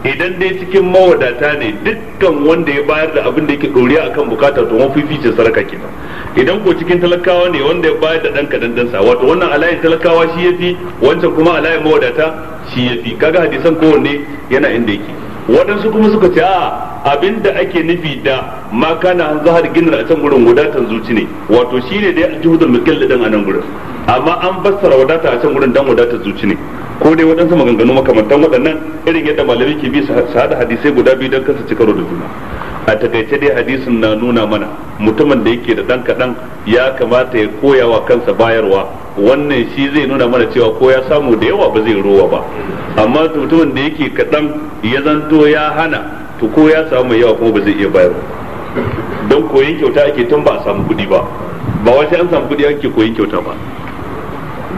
idan dai cikin mawadata ne dukkan wanda ya bayar da abin da yake doriya akan bukata to wani fifice saraka kenan idan ko cikin talakawa ne wanda ya bayar da dan kadan dan sa wato wannan alayin talakawa shi yafi wancan kuma alayin mawadata shi yafi kaga hadisan kowanne yana inda yake waɗansu kuma suka ce a abin da ake nufi da ma kana hanzu zahar ginar a can gurin wadatan zuci ne wato shi ya dai juhudul mukil din a nan gurin amma an fassara wadata a can gurin dan wadatar zuci ne ko dai waɗansu maganganu makamantan waɗannan irin yadda malami ke bi su hada hadisai guda biyu don kasa ci karo da juna a takaice dai hadisin na nuna mana mutumin da yake da dan kaɗan ya kamata ya koya wa kansa bayarwa wannan shi zai nuna mana cewa ko ya samu da yawa ba zai rowa ba amma mutumin da yake kaɗan ya zanto ya hana to ko ya samu mai yawa kuma ba zai iya bayarwa don koyon kyauta ake tun ba a samu kuɗi ba ba wai sai an samu kuɗi ake koyon kyauta ba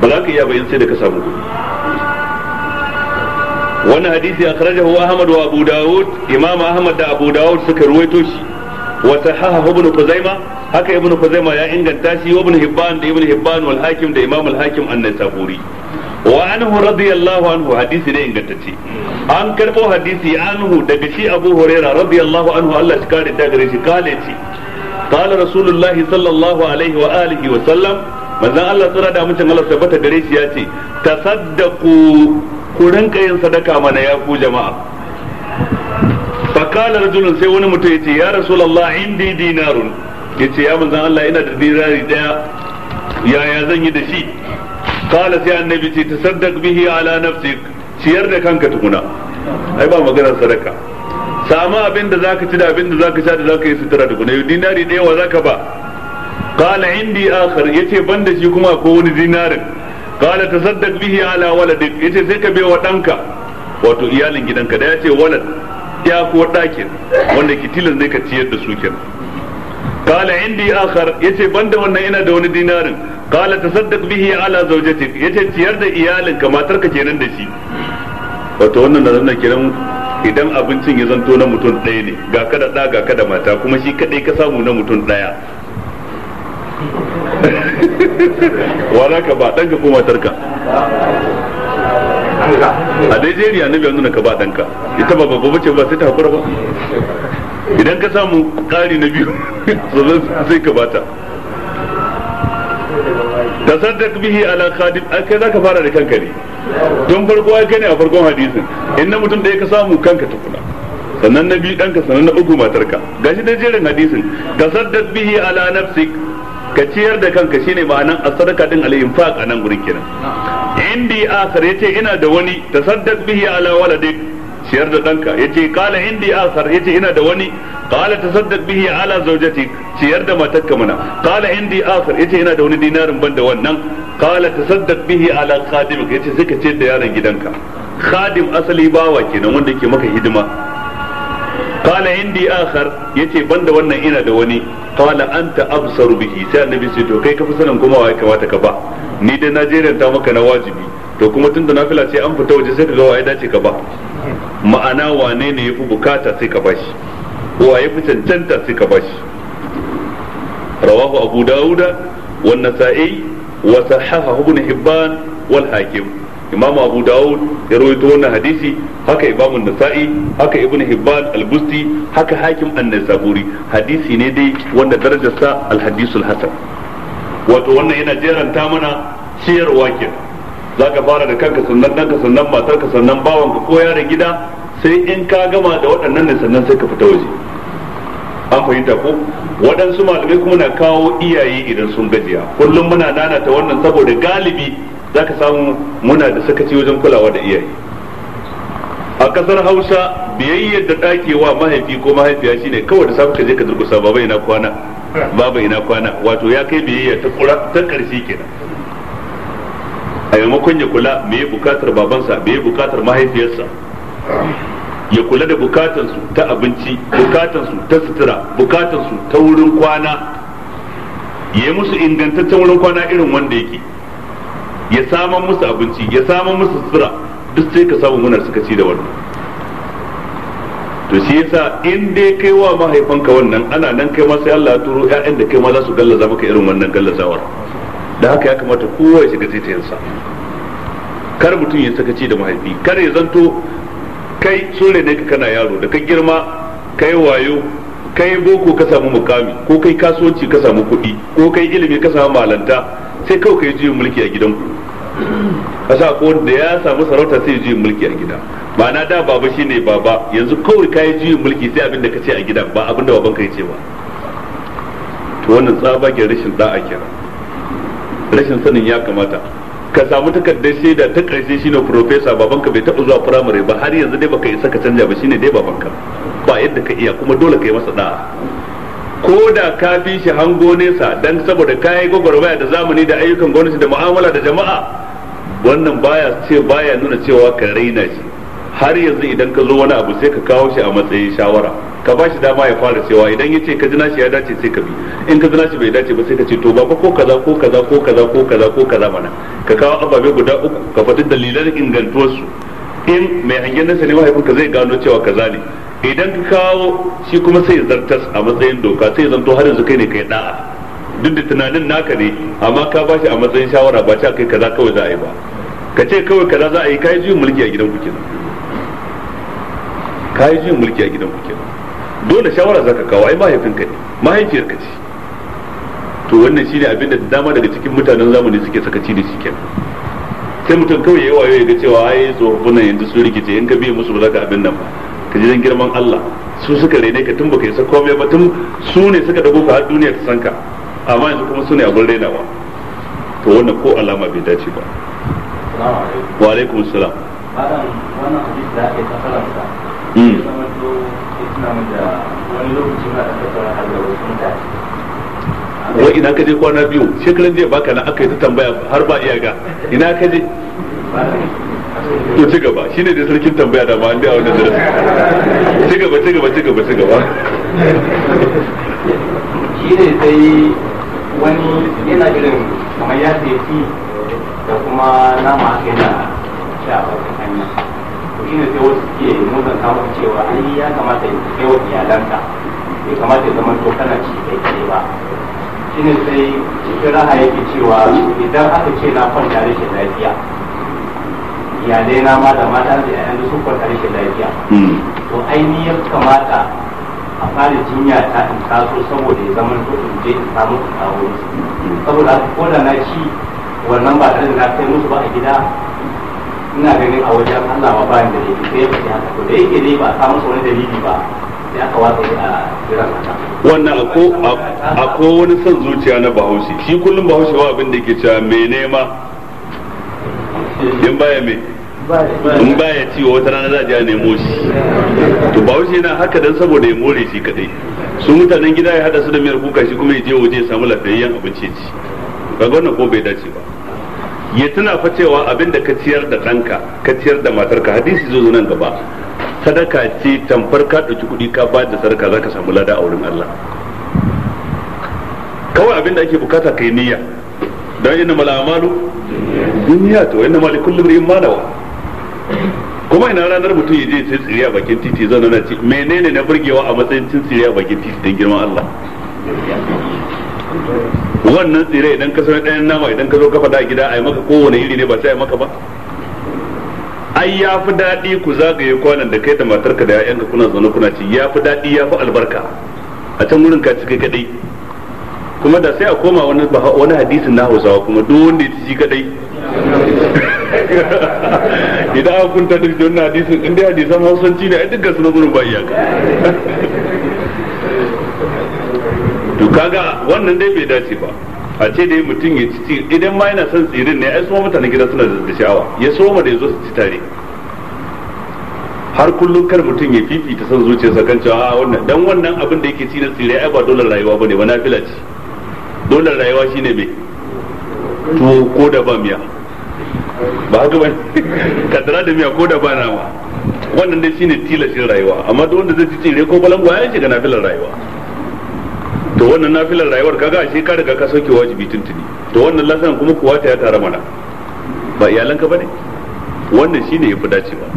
ba za ka iya bayan sai da ka samu kuɗi wannan hadisi a akhrajahu Ahmad wa Abu Dawud Imam Ahmad da Abu Dawud suka ruwaito shi wa sahahahu Ibn Khuzaima haka Ibn Khuzaima ya inganta shi wa Ibn Hibban da Ibn Hibban wal Hakim da Imam al Hakim an-Nasaburi wa anhu radiyallahu anhu hadisi ne ingantacce an karbo hadisi anhu daga shi Abu Hurairah radiyallahu anhu Allah shi kare da gare shi kale ce qala rasulullahi sallallahu alaihi wa alihi wa sallam manzon Allah tsara da mutum Allah tabbata gare shi ya ce tasaddaqu ku rinka yin sadaka mana ya ku jama'a fakala rajulun sai wani mutum ya ce ya rasulullah indi dinarun ya ce ya manzan Allah ina da dinari daya ya zan yi da shi kala sai annabi ce saddaq bihi ala nafsik ciyar da kanka tukuna ai ba maganar sadaka samu abin da zaka ci da abin da zaka sha da zaka yi sutura tukuna yau dinari daya wa zaka ba kala indi akhar yace ban da shi kuma ko wani dinarin qala tasaddaq bihi ala waladik yace sai ka bewa danka wato iyalin gidanka da yace walad ya ko dakin wanda ki tilas ne ka ciyar da su kenan qala indi akhar yace banda wannan ina da wani dinarin qala tasaddaq bihi ala zawjatik yace ciyar da iyalinka matarka kenan da shi wato wannan da nan kiran idan abincin ya zanto na mutum ɗaya ne ga kada ɗa ga kada mata kuma shi kaɗai ka samu na mutum ɗaya wala ka ba ɗanka ko matarka a Najeriya na biya nuna ka ba ɗanka ita ba babba bace ba sai ta haƙura ba idan ka samu ƙari na biyu (laughs) sai ka bata tasaddaq bihi ala khadim kai ka fara da kanka ne don farko ya kai ne a farkon hadisin in na mutum ɗaya ka samu kanka tukuna sannan na biyu ɗanka sannan na uku matarka gashi da jerin hadisin tasaddaq bihi ala nafsik ka ciyar da kanka shine ma'anan as-sadaqa din al-infaq anan gurin kenan indi akhar yace ina da wani tasaddaq bihi ala waladik ciyar da danka yace kala indi akhar yace ina da wani kala tasaddaq bihi ala zawjatik ciyar da matarka mana kala indi akhar yace ina da wani dinarin banda wannan kala tasaddaq bihi ala khadimik yace sai ka ciyar da yaron gidanka khadim asali bawa kenan wanda yake maka hidima qala indi akhar yace banda wannan ina da wani qala anta absaru bihi sai annabi sai to kai ka fi sanin kuma wa kamata ka ba ni da Najeriya ta maka na wajibi to kuma tunda nafila ce an fita waje sai ka ga wa ya dace ka ba ma'ana wane ne yafi bukata sai ka bashi wa yafi cancanta sai ka bashi rawahu abu dauda wan nasa'i wa sahahahu ibn hibban wal hakim imamu abu daud ya rawaito wannan hadisi haka imamun nasa'i haka ibn hibban al-busti haka hakim an-nasaburi hadisi ne dai wanda darajarsa al hadithul hasan wato wannan yana jeranta mana ciyarwa ke za ka fara da kanka sannan ka sannan matarka sannan bawanka ko yaron gida sai in ka gama da waɗannan ne sannan sai ka fita waje an fahimta ko waɗansu malamai kuma na kawo iyaye idan sun gajiya kullum muna ta wannan saboda galibi za ka samu muna da sakaci wajen kulawa da iyaye a kasar hausa biyayyar da dakewa wa mahaifi ko mahaifiya shine kawai da safe ka je ka durkusa baba ina kwana baba ina kwana wato ya kai biyayya ta kura ta ƙarshe kenan a yamakon ya kula me ya bukatar babansa me ya bukatar mahaifiyarsa ya kula da bukatansu ta abinci bukatansu ta sutura bukatansu ta wurin kwana ya musu ingantaccen wurin kwana irin wanda yake ya saman musu abinci ya saman musu sutura duk sai ka samu munar suka ci da wannan to shi yasa in dai kai wa mahaifanka wannan ana nan kai ma sai Allah ya turo ƴaƴan da kai ma za su gallaza maka irin wannan gallazawar da haka ya kamata kowa ya shiga sa kar mutum ya sakaci da mahaifi kar ya zanto kai sore ne ka kana yaro da ka girma kai wayo kai boko ka samu mukami ko kai kasuwanci ka samu kuɗi ko kai ilimi ka samu malanta sai kawai kai juyin mulki a gidanku kasa ko da ya samu sarauta sai juyin mulki a gida ba na da baba shine baba yanzu kawai kai juyin mulki sai abin da kace a gida ba abin da baban kai ce ba to wannan tsabagen rashin da'a kenan rashin sanin ya kamata ka samu takardar shaida ta karshe shine professor babanka bai taɓa zuwa firamare ba har yanzu dai baka isa ka canja ba shine dai babanka ba yadda ka iya kuma dole ka yi masa da'a ko da ka fi shi hango nesa dan saboda yi gwagwarmaya da zamani da ayyukan gwamnati da mu'amala da jama'a wannan baya ce baya nuna cewa ka raina shi har yanzu idan ka zo wani abu sai ka kawo shi a matsayin shawara ka ba shi dama ya fara cewa idan ya ce ka ji nashi ya dace sai ka bi in ka ji nashi bai dace ba sai ka ce to ba ko kaza ko kaza ko kaza ko kaza ko kaza mana ka kawo ababe guda uku ka faɗi dalilan ingantuwarsu in mai hangen nasa ne mahaifinka zai gano cewa kaza ne idan ka kawo shi kuma sai zartas a matsayin doka sai zanto har yanzu kai ne kai da'a duk da tunanin naka ne amma ka ba shi a matsayin shawara ba ta kai kaza kawai za a yi ba ka ce kawai kaza za a yi kayi juyin mulki a gidan ku kenan kayi juyin mulki a gidan ku kenan dole shawara zaka kawo ai mahaifinka ne mahaifiyar ka ce to wannan shine abin da dama daga cikin mutanen zamani suke sakaci da shi kenan sai mutum kawai ya wayo ya ga cewa ai tsofaffin nan yanzu sun rikice in ka biye musu ba za ka abin nan ba ka ji girman Allah su suka rene ka tun baka yi sako komai ba tun su ne suka dago ka har duniya ta sanka amma yanzu kuma su ne abin renawa to wannan ko alama bai dace ba wa alaikum salam wannan hadisi da ake tafsirarsa hmm. ya zama ina da wani lokaci kwana biyu shekaran jiya baka na ta tambaya har ba iya ina to ci gaba shine da sarkin tambaya da ba an da wannan darasi ci gaba ci gaba ci gaba ci gaba shine sai wani yana irin kamar ya sai da kuma nama aka yana sha a wata hanya to shi ne sai wasu ke mutan samun cewa ai ya kamata ya kai wa iyalanka ya kamata ya zama to kana ci kai kai ba shi ne sai cikin raha yake cewa idan aka ce na kwanta rashin lafiya iyalai na ma da mata da yayan su kwanta rashin lafiya hmm. to ainihin ya kamata a fara jinya ta in taso saboda ya zama to in je in samu in kawo hmm. saboda ko da na ci wannan ba tare da na kai musu ba a gida ina ganin a wajen Allah ma bayan da yake sai ya faɗi haka to da yake dai ba a samu wani dalili ba sai aka watsa a jiran haka wannan akwai wani son zuciya na bahaushe shi kullum bahaushe wa abin da ke cewa mai nema in baya mai in baya wa wata rana za a nemo shi to bahaushe yana haka dan saboda ya more shi kadai su mutanen gida ya hada su da miyar kuka shi kuma ya je waje ya samu lafiyayyen abinci ci kaga wannan ko bai dace ba ya tuna fa cewa abin da ka ciyar da ɗanka ka ciyar da matarka hadisi zo nan gaba sadaka ce tamfar ka ɗauki kuɗi ka ba da sadaka zaka samu lada a wurin Allah kawai abin da ake bukata kai niyya dan inna mal amalu duniya to inna mal kullu imrin ma nawa kuma ina ranar mutum yaje sai tsiriya bakin titi zan na ce menene na burgewa a matsayin cin tsiriya bakin titi dan girman Allah wannan tsire idan ka sanar ɗayan nama idan ka zo ka faɗa gida a yi maka kowane iri ne ba sai a yi maka ba ai ya fi daɗi ku zagaye kwanan da kai da matarka da 'ya'yanka kuna zaune kuna ci ya fi daɗi ya fi albarka a can wurin ka cike kaɗai kuma da sai a koma wani hadisin na hausawa kuma duk wanda ya ci kaɗai (laughs) idan an kunta duk da wannan hadisin inda hadisan hausanci ne ai dukkan sunan na gurin ba iyaka kaga wannan dai bai dace ba a ce dai mutum ya ci idan ma yana son tsirin ne ai su mutanen gida suna da sha'awa ya ma da ya zo su ci tare har kullum kar mutum ya fifita son zuciyarsa kan cewa a wannan dan wannan abin da yake ci na tsire ai ba dole rayuwa bane ba nafila ce dole rayuwa shine me to ko da ba miya ba haka bane (laughs) kadara da miya ko da ba nama wannan dai shine tilashin rayuwa amma duk wanda zai ci tsire ko balangu ya ce ga nafilar rayuwa to wannan nafilar rayuwar kaga shi ka riga ka sauke wajibi tuntuni to wannan lasan kuma kuwa ta ya tara mana ba iyalan ka bane wannan shine yafi dacewa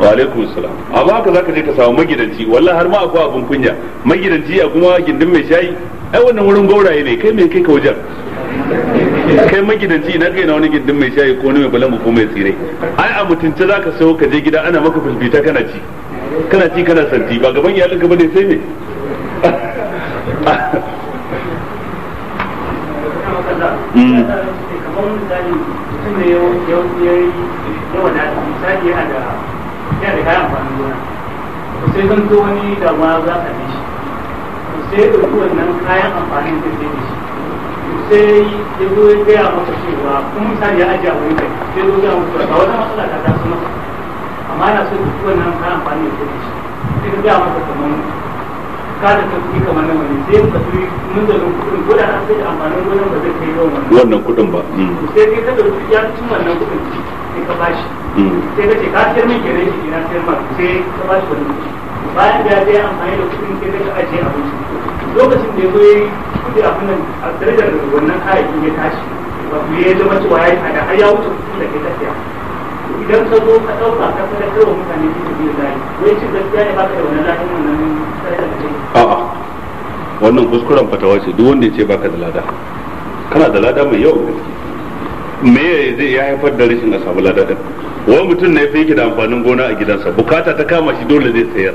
wa alaikum salam amma haka zaka je ka samu magidanci wallahi har ma akwai abun kunya magidanci a kuma gindin mai shayi ai wannan wurin gauraye ne kai me kai ka wajen kai magidanci ina kai na wani gindin mai shayi ko ne mai balan ko mai tsire ai a mutunce zaka sayo ka je gida ana maka filfita kana ci kana ci kana santi ba gaban iyalinka bane sai me yana sai zan wani damuwa za a bi shi sai ya ɗauki wannan kayan amfanin da zai bi shi sai ya zo ya gaya masa cewa kun misali ya ajiye wani kai sai zo ba wata matsala ta taso masa amma na so ya ɗauki wannan kayan amfanin da zai bi shi sai gaya masa kamar kada ta kuɗi kamar nan wani sai ka fi munzalin kuɗin ko da an sai amfanin gonan ba zai kai yawan wannan wannan kuɗin ba mm. sai kai ka ɗauki ya cin wannan kuɗin sai ka bashi mm. sai ka ce ka siyar min kenan shi na siyar ma sai ka bashi wannan bayan da ya je amfani da kuɗin sai ka ajiye abinci lokacin da ya zo ya yi kuɗi abin nan a darajar wannan kayayyakin ya tashi ba ku ya zama cewa ya yi tsada har ya wuce kuɗin da kai tafiya idan ka zo ka ɗauka ka fara kai wa mutane su biyu zai wai cin gaskiya ne ka da wannan ladan wannan a'a wannan kuskuren fatawa ce duk wanda ya ce baka da lada kana da lada mai yawan gaske me zai ya haifar da rashin a samu lada din wani mutum ne fi yake da amfanin gona a gidansa bukata ta kama shi dole zai sayar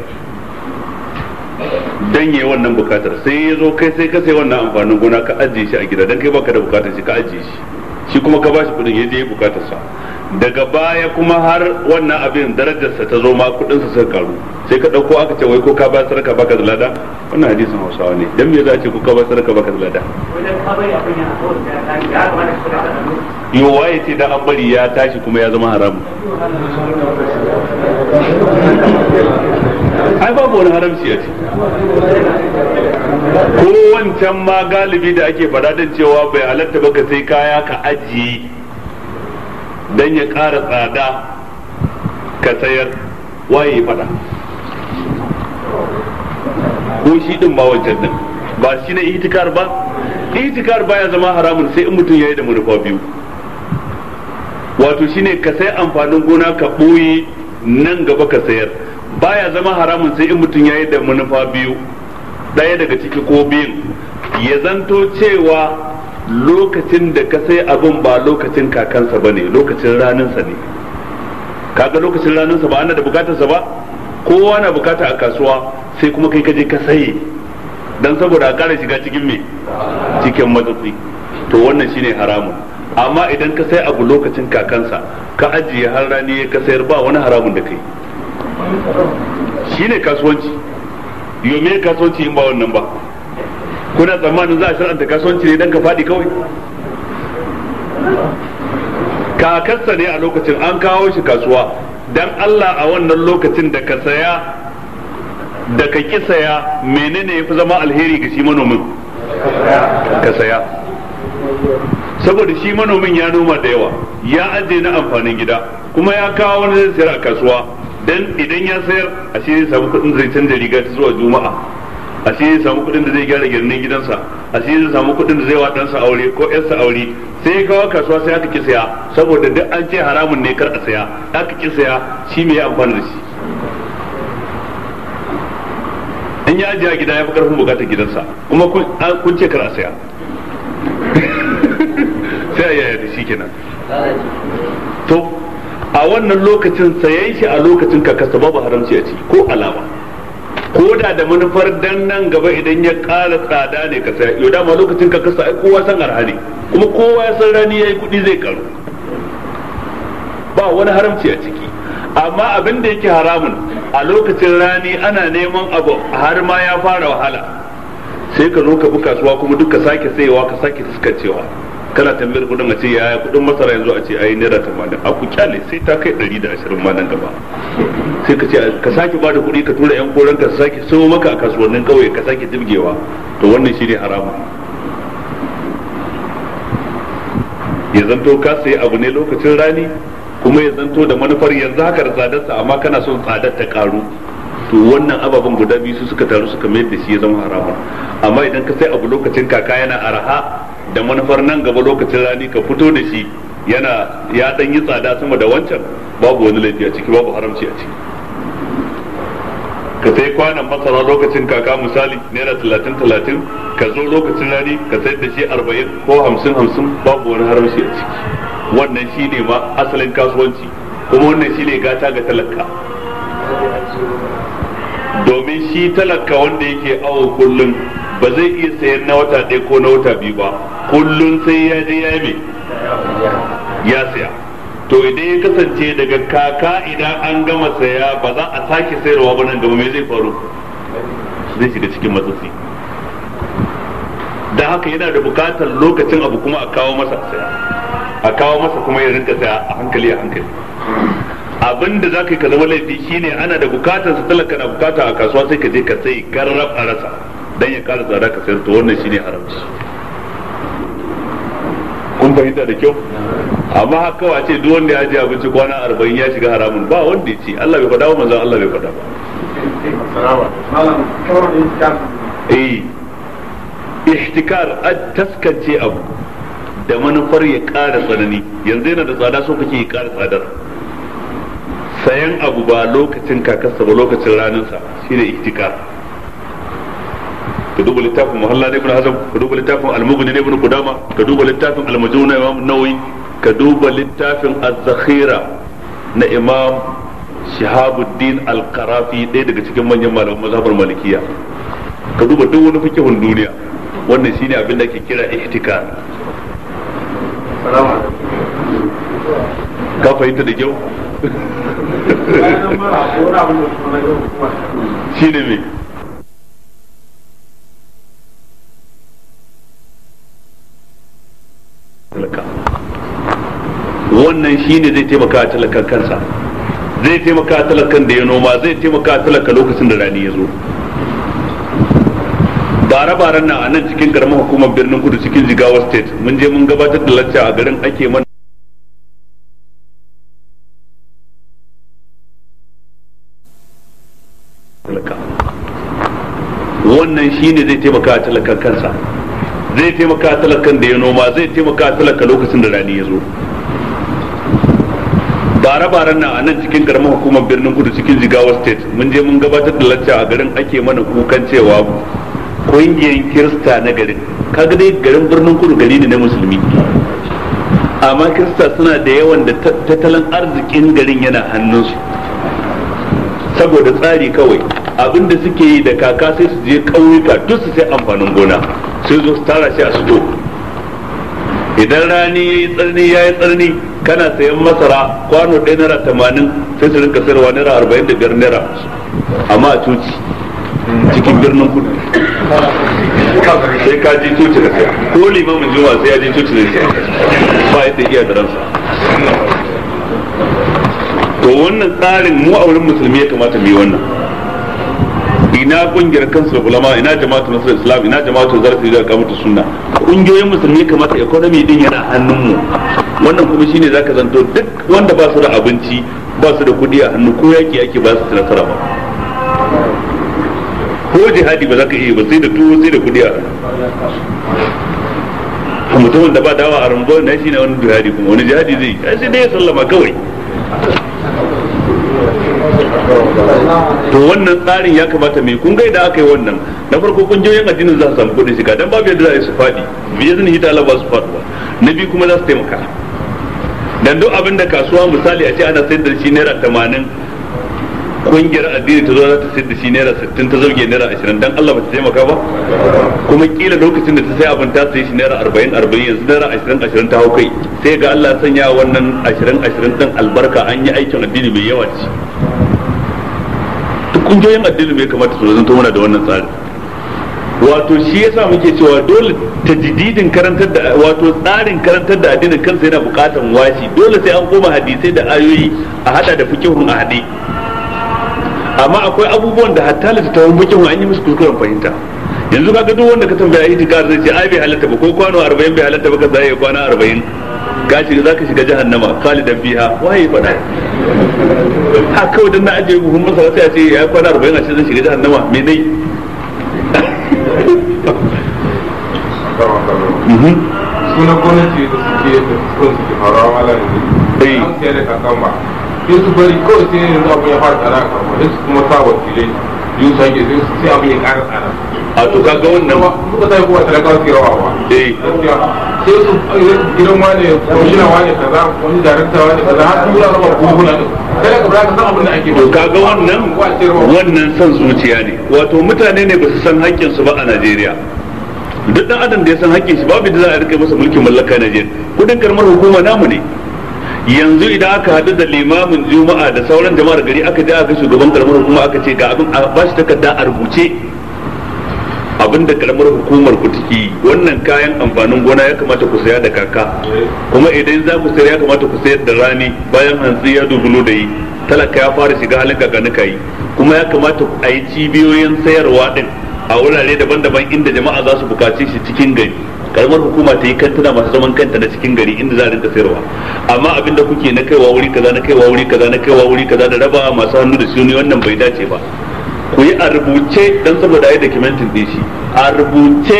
dan yi wannan bukatar sai ya zo kai sai ka sai wannan amfanin gona ka ajiye shi a gida dan kai baka da bukatar shi ka ajiye shi shi kuma ka ba shi kudin ya je bukatar sa daga baya kuma har wannan abin darajarsa ta zo ma kudinsa sun karu sai ka dauko aka ce wai ko ka ba sarka baka da lada wannan hadisin Hausawa ne dan me za a ce ko ka ba sarka baka ka lada yo waye ce da an bari ya tashi kuma ya zama haram ai babu wani haramci a ciki ko wancan ma galibi da ake faɗa cewa bai halatta baka sai kaya ka ajiye dan ya ƙara tsada ka sayar waye faɗa ko shi din ba wancan din ba shi na itikar ba itikar ba ya zama haramun sai in mutum ya yi da manufa biyu wato shine ka sai amfanin gona ka ɓoye nan gaba ka sayar baya zama haramun sai in mutum ya yi da manufa biyu ɗaya daga ciki ko biyun ya zanto cewa lokacin da ka sai abin ba lokacin kakansa ba ne lokacin raninsa ne kaga lokacin raninsa ba ana da bukatarsa ba kowa na bukata a kasuwa sai kuma kai kaje ka saye dan saboda a kara shiga cikin me cikin matsatsi to wannan shine haramun amma idan ka sai abu lokacin kakansa ka ajiye har rani ka sayar ba wani haramun da kai shine kasuwanci yo me kasuwanci in ba wannan ba kuna tsammanin za a shar'anta kasuwanci ne don ka faɗi kawai kakarsa ne a lokacin an kawo shi kasuwa don Allah a wannan lokacin da ka saya da ka ki saya menene ya fi zama alheri ga shi manomin ka saya saboda shi manomin ya noma da yawa ya ajiye na amfanin gida kuma ya kawo wani zai sayar a kasuwa don idan ya sayar a shi zai samu kuɗin zai canza riga zuwa juma'a a shi ya samu kuɗin da zai gyara girnin gidansa a shi ya samu kuɗin da zai wa ɗansa aure ko ƴansa aure sai ya kawo kasuwa sai aka ki saya saboda duk an ce haramun ne kar a saya aka ki saya shi me amfani da shi in ya a gida ya fi karfin bukatar gidansa kuma kun ce kar a saya (laughs) sai a yaya da shi kenan to a wannan lokacin sayan shi a lokacin kakarsa babu haramci a ci ko alama ko da da manufar dan nan gaba idan ya ƙara tsada ne ka saya yau dama lokacin ka kasa ai kowa san arhani kuma kowa ya san rani yayi kuɗi zai karu ba wani haramci a ciki amma abin da yake haramun a lokacin rani ana neman abu har ma ya fara wahala sai ka zo ka bi kasuwa kuma duk ka sake sayewa ka sake fuskancewa kana tambayar kudin a ce yaya kudin masara yanzu a ce ayi naira tamanin a ku kyale sai ta kai ɗari da ashirin ma nan gaba sai ka ce ka sake bada kuɗi ka tura yan koren ka sake sau maka a kasuwannin kawai ka sake jirgewa to wannan shi ne harama. ya zanto ka sayi abu ne lokacin rani kuma ya zanto da manufar yanzu haka da tsadarsa amma kana son tsadar ta karu to wannan ababen guda biyu su suka taru suka mayar da shi ya zama haramun amma idan ka sai abu lokacin kaka yana araha da manufar nan gaba lokacin rani ka fito da shi yana ya dan yi tsada sama da wancan babu wani laifi a ciki babu haramci a ciki ka sai kwanan masara lokacin kaka misali naira talatin talatin ka zo lokacin rani ka sayar da shi arba'in ko hamsin hamsin babu wani haramci a ciki wannan shi ne ma asalin kasuwanci kuma wannan shi ne gata ga talaka domin shi talaka wanda yake awo kullum ba zai iya sayar na wata ɗaya ko na wata biyu ba kullum sai ya je ya yi ya saya to idan ya kasance daga kaka idan an gama saya ba za a sake sayarwa ba nan gaba me zai faru zai shiga cikin matsatsi da haka yana da bukatar lokacin abu kuma a kawo masa saya a kawo masa kuma ya rinka saya a hankali a hankali abin da ka yi ka zama laifi shine ana da bukatar su talaka na bukata a kasuwa sai ka je ka sai garrab a rasa dan ya kara tsada ka sayar to wannan shine haramci kun fahimta da kyau amma haka kawai ce duk wanda ya ji abinci kwana arba'in ya shiga haramun ba wanda ya ce Allah bai faɗa ba manzon Allah bai faɗa ba eh ihtikar ad taskance abu da manufar ya ƙara tsanani yanzu yana da tsada so kake ya ƙara tsadar sayan abu ba lokacin kakarsa ba lokacin raninsa shine ihtikar ka duba littafin muhalla na ibn hazm ka duba littafin al-mughni na ibn qudama ka duba littafin al-majnun na imam nawawi ka duba littafin az-zakhira na imam shihabuddin al-qarafi ɗaya daga cikin manyan malaman mazhabar malikiya ka duba duk wani fikihun duniya wannan shine abin da ake kira ihtikar ka fahimta da kyau (laughs) shine me wannan shine zai taimaka a talakan kansa zai taimaka a talakan da ya noma zai taimaka a talaka lokacin da rani ya zo bara-baran na a nan cikin garman hukumar birnin kudu cikin jigawa state mun je mun gabatar da lacca a garin ake mana wannan shine zai taimaka a talakan kansa zai taimaka a talakan da ya noma zai taimaka a talaka lokacin da rani ya zo Bare-baren na a nan cikin karamar hukumar birnin kudu cikin jigawa state mun je mun gabatar da lacca a garin ake mana kukan cewa kungiyar kirista na garin kaga dai garin birnin kudu gari ne na musulmi amma kirista suna da yawan da tattalin arzikin garin yana hannunsu saboda tsari kawai abin da suke yi da kaka sai su je ƙauyuka duk su sai amfanin gona sai zo su tara shi a su idan rani ya yi tsarni ya yi tsarni kana sayan masara kwano ɗaya naira tamanin sai su rinka sayarwa naira arba'in da biyar naira amma a cuci cikin birnin kudu sai kaji cuci da saya ko limamin juma sai ya ji cuci da saya ba yadda iya da ransa to wannan tsarin mu a wurin musulmi ya kamata mu yi wannan ina kungiyar kansu ulama ina jama'atu nasr islam ina jama'atu zarafi da kamata sunna kungiyoyin musulmi kamata economy din yana hannunmu wannan kuma shine zaka zanto duk wanda ba su da abinci ba su da kudi a hannu ko yaki ake ba su nasara ba ko jihadi ba za ka iya ba sai da tuwo sai da kudi a hannu mutumin da ba dawa a rumbo na shi ne wani jihadi kuma wani jihadi zai sai dai ya sallama kawai to wannan tsarin ya kamata mai kun ga aka yi wannan na farko kungiyoyin addinin za su samu kuɗin shiga dan babu yadda za su faɗi biye yadda hita Allah ba su faɗuwa na biyu kuma za su taimaka dan duk abin da kasuwa misali a ce ana sayar da shi naira tamanin kungiyar addini ta zo za ta sayar da shi naira sittin ta zauge naira ashirin dan Allah ba ta taimaka ba kuma kila lokacin da ta sai abin ta sayi shi naira arba'in arba'in yanzu naira ashirin ashirin ta hau kai sai ga Allah sanya wannan ashirin ashirin din albarka an yi aikin addini mai yawa ce kungiyoyin addini bai kamata su zanto mana da wannan tsari wato shi yasa muke cewa dole jididin karantar da wato tsarin karantar da addinin kansa yana bukatan washi dole sai an koma hadisai da ayoyi a hada da fikihun a hade amma akwai abubuwan da hatta wani fikihun an yi musu kuskuren fahimta yanzu kaga duk wanda ka tambaya itikar zai ce ai bai halatta ba ko kwano 40 bai halatta ba ka zai kwana 40 ka shiga zaka shiga jahannama khalidan fiha waye faɗa ha kawai dan na ajiye buhun masa sai a ce ya kwana 40 a ce zan shiga jahannama me dai kuna mhm. gwamnati da suke da suke suke farawa ala ne eh. an sai da kakan ba sai su bari kawai sai yanzu abu ya fara tsara a kuma sa wakilai biyu sake sai abin ya ƙara tsara a to kaga wannan ba kuka sai kowa talaka su yawa ba eh sai su eh, gidan wane kwamishina wane kaza wani darakta wane kaza har tura raba buhuna din kada ka ka san abin da ake to kaga wannan wannan san zuciya ne wato mutane ne ba su san haƙƙin su ba a Najeriya duk dan adam da ya san haƙƙin shi babu da za a rike masa mulkin mallaka Najeriya kudin karamar hukuma namu ne yanzu idan aka hadu da limamin juma'a da sauran jama'ar gari aka je aka shugaban karamar hukuma aka ce ga abin a bashi takarda a rubuce abin da karamar hukumar ku take wannan kayan amfanin gona ya kamata ku saya da kaka kuma idan za ku sayar ya kamata ku sayar da rani bayan hantsi ya dubulo da yi talaka ya fara shiga halin kakanuka yi kuma ya kamata a yi cibiyoyin sayarwa din a wurare daban-daban inda jama'a za su bukaci shi cikin gari karamar hukuma ta yi kantuna masu zaman kanta na cikin gari inda za a rinka sayarwa amma abin da kuke na kaiwa wuri kaza na kaiwa wuri kaza na kaiwa wuri kaza da raba masu hannu da suni wannan bai dace ba ku yi a rubuce dan saboda yi documentin din shi a rubuce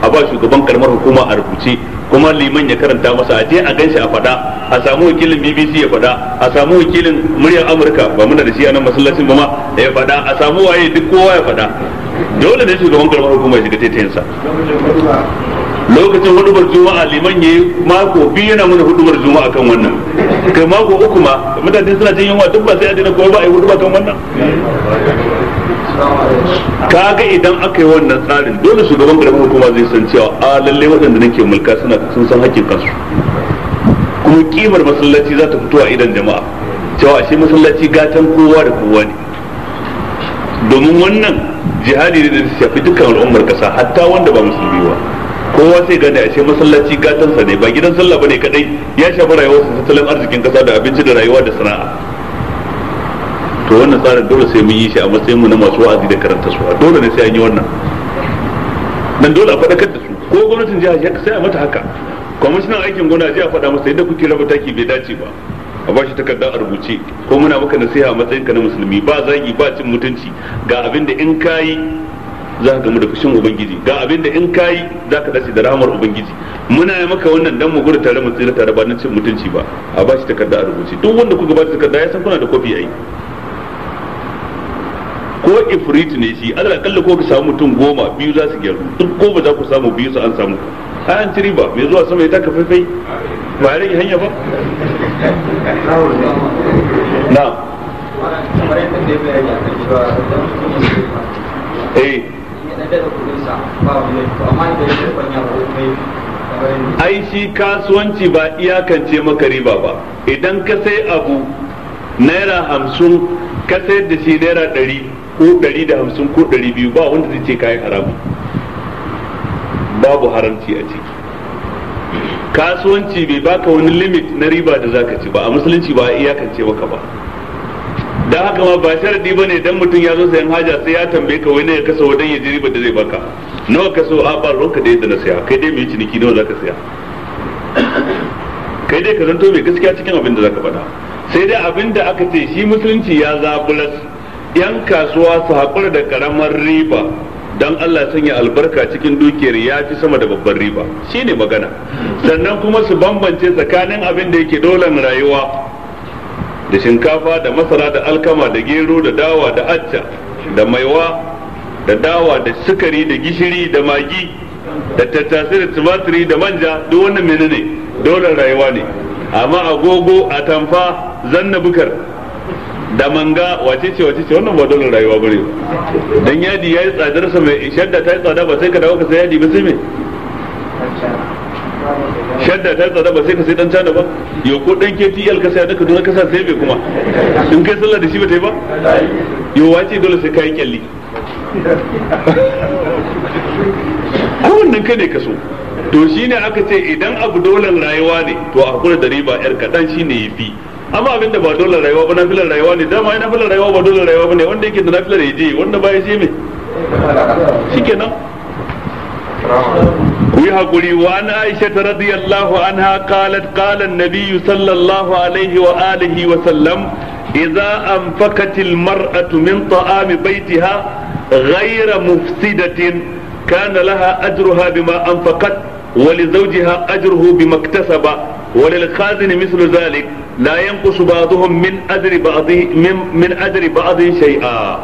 a ba shugaban karamar hukuma a rubuce kuma liman ya karanta masa a je a ganshi a fada a samu wakilin BBC ya fada a samu wakilin muryar Amurka ba muna da shi a nan masallacin ba ma ya fada a samu waye duk kowa ya fada dole ne shugaban karamar hukuma ya shiga taitayin sa lokacin hudubar juma'a liman yayi mako biyu yana mana hudubar juma'a kan wannan kai mako uku ma mutane suna jin yunwa duk ba sai a dina ko ba a yi hudubar kan wannan kaga idan aka yi wannan tsarin dole shugaban karamin hukuma zai san cewa a lalle waɗanda nake mulka suna sun san hakkin kansu kuma kimar masallaci za ta fito a idan jama'a cewa shi masallaci gatan kowa da kowa ne domin wannan jihadi ne da shafi dukkan al'ummar kasa hatta wanda ba musulmi ba kowa sai gane a ce masallaci gatansa ne ba gidan sallah bane kadai ya shafi sa tattalin arzikin kasa da abinci da rayuwa da sana'a to wannan tsarin dole sai mun yi shi a matsayin mu na masu wa'azi da karanta su a dole ne sai an yi wannan Nan dole a faɗakar da su ko gwamnatin jiha sai a mata haka kwamishinan aikin gona jiya faɗa masa yadda kuke raba taki bai dace ba a ba shi takardar a rubuce ko muna maka nasiha a matsayinka na musulmi ba zagi ba cin mutunci ga abin da in kayi za ka gamu da fushin ubangiji ga abin da in kayi za ka dace da rahamar ubangiji muna yi maka wannan dan mu gura tare mu tsira tare ba na cin mutunci ba a ba shi takarda a rubuce duk wanda kuka ba shi takarda ya san kuna da kofi ai ko ifrit ne shi Allah kalla ko ka samu mutum goma biyu za su gyaru duk ko ba za ku samu biyu su an samu an tiri ba mai zuwa sama ya taka faifai ba ya rage hanya ba na'am eh ai shi kasuwanci ba iyakance maka riba ba idan ka sai abu naira hamsin ka sai da shi naira ɗari ko ɗari da hamsin ko ɗari biyu ba wanda zai ce kayan haramu babu haramci a ciki kasuwanci bai baka wani limit na riba da zaka ci ba a musulunci ba iyakance maka ba da haka ma ba sharadi ba ne dan mutum ya zo sayan haja sai ya tambaye ka wani ya kasa wadan ya jiriba da zai baka nawa ka so a ba ronka da yadda na saya kai dai mai ciniki nawa zaka saya kai dai ka zanto mai gaskiya cikin abin da zaka faɗa sai dai abin da aka ce shi musulunci ya zabulas yan kasuwa su haƙura da karamar riba dan Allah sanya albarka cikin dukiyar ya fi sama da babbar riba shine magana sannan kuma su bambance tsakanin abin da yake dolan rayuwa da shinkafa da masara da alkama da gero da dawa da acca da maiwa da dawa da sukari da gishiri da magi da tattasai da tumatiri da manja duk wannan menene dole rayuwa ne amma agogo a tamfa zanna bukar da manga wace ce wace ce wannan ba dole rayuwa bane dan yadi yayi tsadar sa mai shadda ta yi tsada ba sai ka dawo ka sai yadi ba sai me yadda ta tsada ba sai ka sai dan cana ba yau ko dan KTL ka sai duka Kaduna ka sa sai bai kuma in kai sallah da shi ba ta yi ba yau wace dole sai kai kyalli a wannan kai ne ka so to shine aka ce idan abu dolan rayuwa ne to a kula da riba yar kadan shine yafi amma abin da ba dole rayuwa ba nafilar rayuwa ne dama yana nafilar rayuwa ba dole rayuwa ba ne wanda yake da nafilar ya je wanda ba ya je me shikenan ku yi haƙuri wa an aisha ta radiyallahu anha qalat qala an-nabiy sallallahu alaihi wa alihi wa sallam idza anfaqat al-mar'atu min ta'ami baytiha ghayra mufsidatin kana laha ajruha bima anfaqat wa li zawjiha ajruhu bima iktasaba wa lil khazin mithlu dhalik la yanqusu ba'dhum min ajri ba'dhi min min ajri ba'dhi shay'a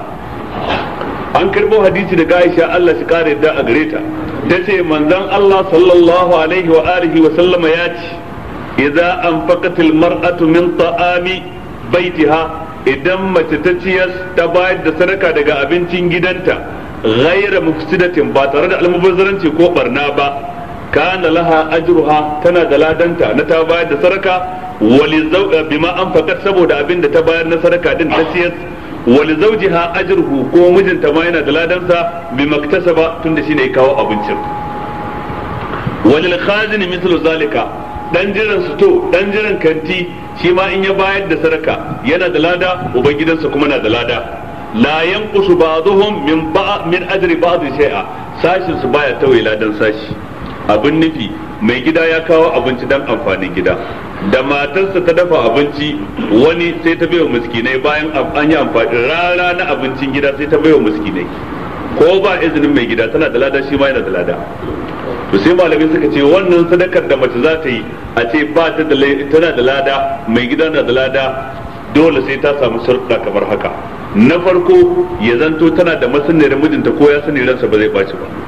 an karbo hadisi daga Aisha Allah shi kare da a gareta tace manzon Allah sallallahu alaihi wa alihi wa sallama ya ce idza anfaqatil mar'atu min ta'ami baitiha idan mace ta ciyar ta bayar da sadaka daga abincin gidanta ghaira mufsidatin ba tare da almubazzaranci ko barna ba kana laha ajruha tana da ladanta na ta bayar da sadaka wali bima anfaqat saboda abin da ta bayar na sadaka din ta ciyar wal zawjiha ajruhu ko mijinta ma yana da ladansa bi tun da shi ne kawo abincin wani khazin mislu zalika dan jiran su to dan jiran kanti shi ma in ya bayar da sadaka yana da lada ubangidansa kuma na da lada la yanqusu ba'dhum min ba'd min ajri ba'd shay'a sashin su baya tawai ladan sashi abin nufi mai gida ya kawo abinci dan amfanin gida da matarsa ta dafa abinci wani sai ta baiwa miskinai bayan an yi amfani rara na abincin gida sai ta baiwa miskinai ko ba izinin mai gida tana da lada shi ma yana da lada to sai malamai suka ce wannan sadakar da mace za ta yi a ce ba ta da tana da lada mai gida na da lada dole sai ta samu sarƙa kamar haka na farko ya zanto tana da masaniyar mijinta ko ya sani ransa ba zai ɓaci ba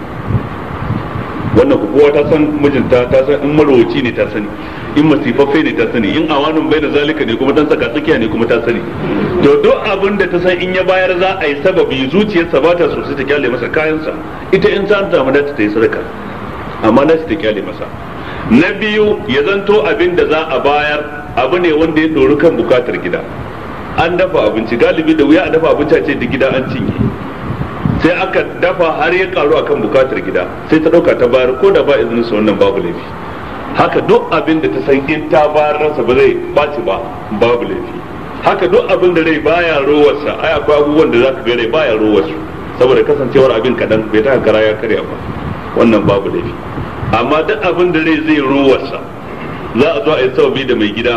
wannan kowa ta san mijinta ta san in marwaci ne ta sani in masifaffe ne ta sani in awanin bai da zalika ne kuma dan saka tsakiya ne kuma ta sani to duk abin da ta san in ya bayar za a yi sababi zuciyarsa ba ta sosai ta kyale masa kayansa ita in ta samu da ta yi sadaka amma na ta kyale masa na biyu ya zanto abin da za a bayar abu ne wanda ya dori kan bukatar gida an dafa abinci galibi da wuya a dafa abinci a ce da gida an cinye sai aka dafa har ya karu akan bukatar gida sai ta dauka ta bayar ko da ba izinin su wannan babu laifi haka duk abin da ta san in ta bayar ransa ba zai baci ba babu laifi haka duk abin da rai baya rowarsa ai akwai abubuwan da zaka ga rai baya rowarsa, saboda kasancewar abin kadan bai ta kara ya karya ba wannan babu laifi amma duk abin da rai zai rowarsa za a zo a yi sababi da mai gida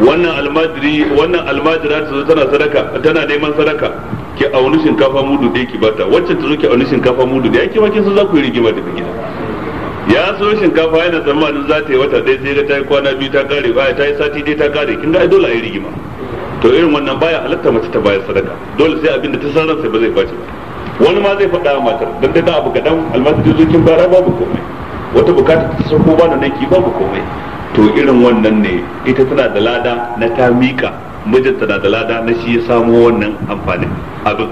wannan almajiri wannan almajira ta zo tana sadaka tana neman sadaka ki auni shinkafa mudu da yake bata wacce ta zo ki auni shinkafa mudu da yake bakin sun za ku yi rigima da gida ya so shinkafa yana tsammanin za ta yi wata ɗaya sai ta yi kwana biyu ta kare baya ta yi sati ɗaya ta kare kin ga dole a yi rigima to irin wannan baya halatta mace ta bayar sadaka dole sai abin da ta san ransa ba zai bace ba wani ma zai faɗa matar dan dai da abu kadan almasu zo kin bara babu komai wata bukata ta san ko ba nan ki babu komai to irin wannan ne ita tana da lada na ta mika mijinta na da lada na shi ya samo wannan amfanin abin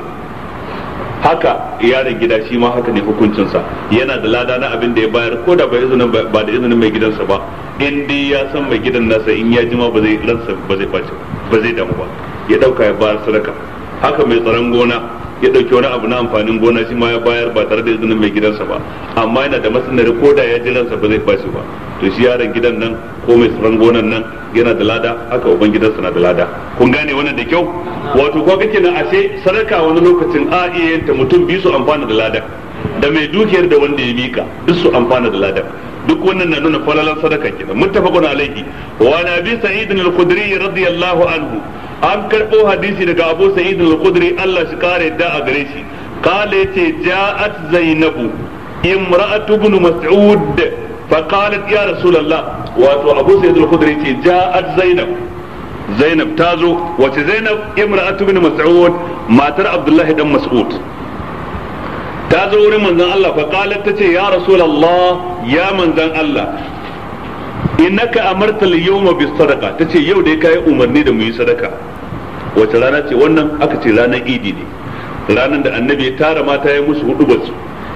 haka yaron gida shi ma haka ne hukuncinsa yana da lada na abin da ya bayar ko da ba izinin ba da izinin mai gidansa ba in dai ya san mai gidan nasa in ya jima ba zai ransa ba zai ba zai damu ba ya dauka ya bayar sadaka haka mai tsaron gona ya dauki wani abu na amfanin gona shi ma ya bayar ba tare da izinin mai gidansa ba amma yana da masanari ko da ya ji ba zai bashi ba to shi yaron gidan nan ko mai tsaron gonan nan yana da lada haka uban gidansa na da lada kun gane wannan da kyau wato ko kake nan ashe sadaka wani lokacin a iya yanta mutum bi su amfana da ladan da mai dukiyar da wanda ya mika duk su amfana da ladan duk wannan na nuna falalan sadaka kenan muttafaqun alayhi wa nabi sa'id al-khudri radiyallahu anhu an karɓo hadisi daga abu sa'id al-khudri Allah shi kare da a gare shi kale ce ja'at zainabu imra'atu ibn mas'ud fa qalat ya rasulullah wato abu sa'id al-khudri ce ja'at zainab zainab tazo wace zainab imra'atu ibn mas'ud matar abdullahi dan mas'ud tazo wurin manzon Allah fa qalat tace ya rasulullah ya manzon Allah innaka amartal yawma bis sadaqa tace yau dai kai umarni da mu yi sadaka wace rana ce wannan aka ce ranar idi ne ranar da annabi ya tara mata ya musu hudu basu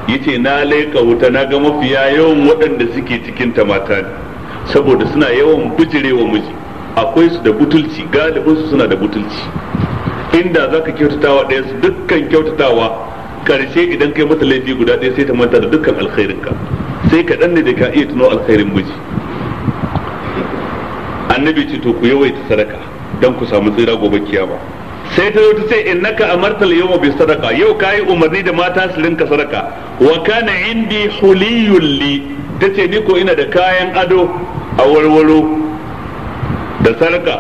yace na laika wuta na ga mafiya yawan waɗanda suke cikin ta mata saboda suna yawan bijirewa miji akwai su da butulci galibin su suna da butulci inda zaka kyautatawa daya su dukkan kyautatawa karshe idan kai mata laifi guda ɗaya sai ta manta da dukkan alkhairinka sai kaɗan ne da ka iya tuno alkhairin miji annabi ce to ku yawaita sadaka don ku samu tsira gobe kiyama sai ta zo ta ce innaka amartal yawma bi sadaka yau kai umarni da mata su rinka sadaka wa kana indi huliyul li tace ni ko ina da kayan ado a warwaro da sadaka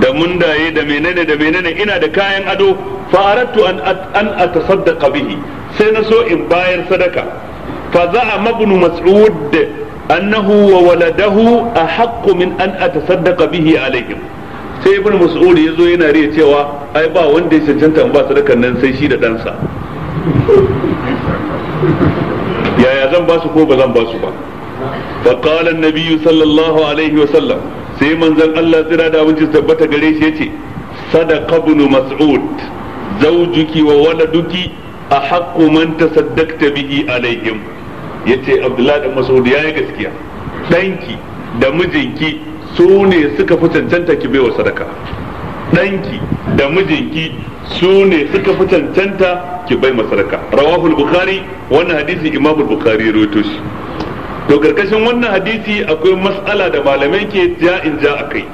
da mundaye da menene da menene ina da kayan ado fa aradtu an an atasaddaqa bihi sai na so in bayar sadaka fa za'a mabnu mas'ud annahu wa waladahu a min an atasaddaqa bihi alaihim sai ibn mas'ud yazo yana riya cewa ai ba wanda ya cancanta in ba sadakan nan sai shi da dansa. yaya zan ba su ko ba zan ba su ba fa qala an-nabiy sallallahu alaihi wa sallam sai manzon Allah tsira da abinci tabbata gare shi yace sadaqa ibn mas'ud zawjuki wa waladuki ahaqqu man tasaddaqta bihi alaihim Ya ce abdullahi dan mas'ud ya yi gaskiya Ɗanki da mijinki su ne suka fi cancanta ki baiwa sadaka ɗanki da mijinki su ne suka fi cancanta ki bai sadaka rawahul bukhari wannan hadisi imamul bukhari ya rawaito shi to karkashin wannan hadisi akwai mas'ala da malamai ke ja in ja akai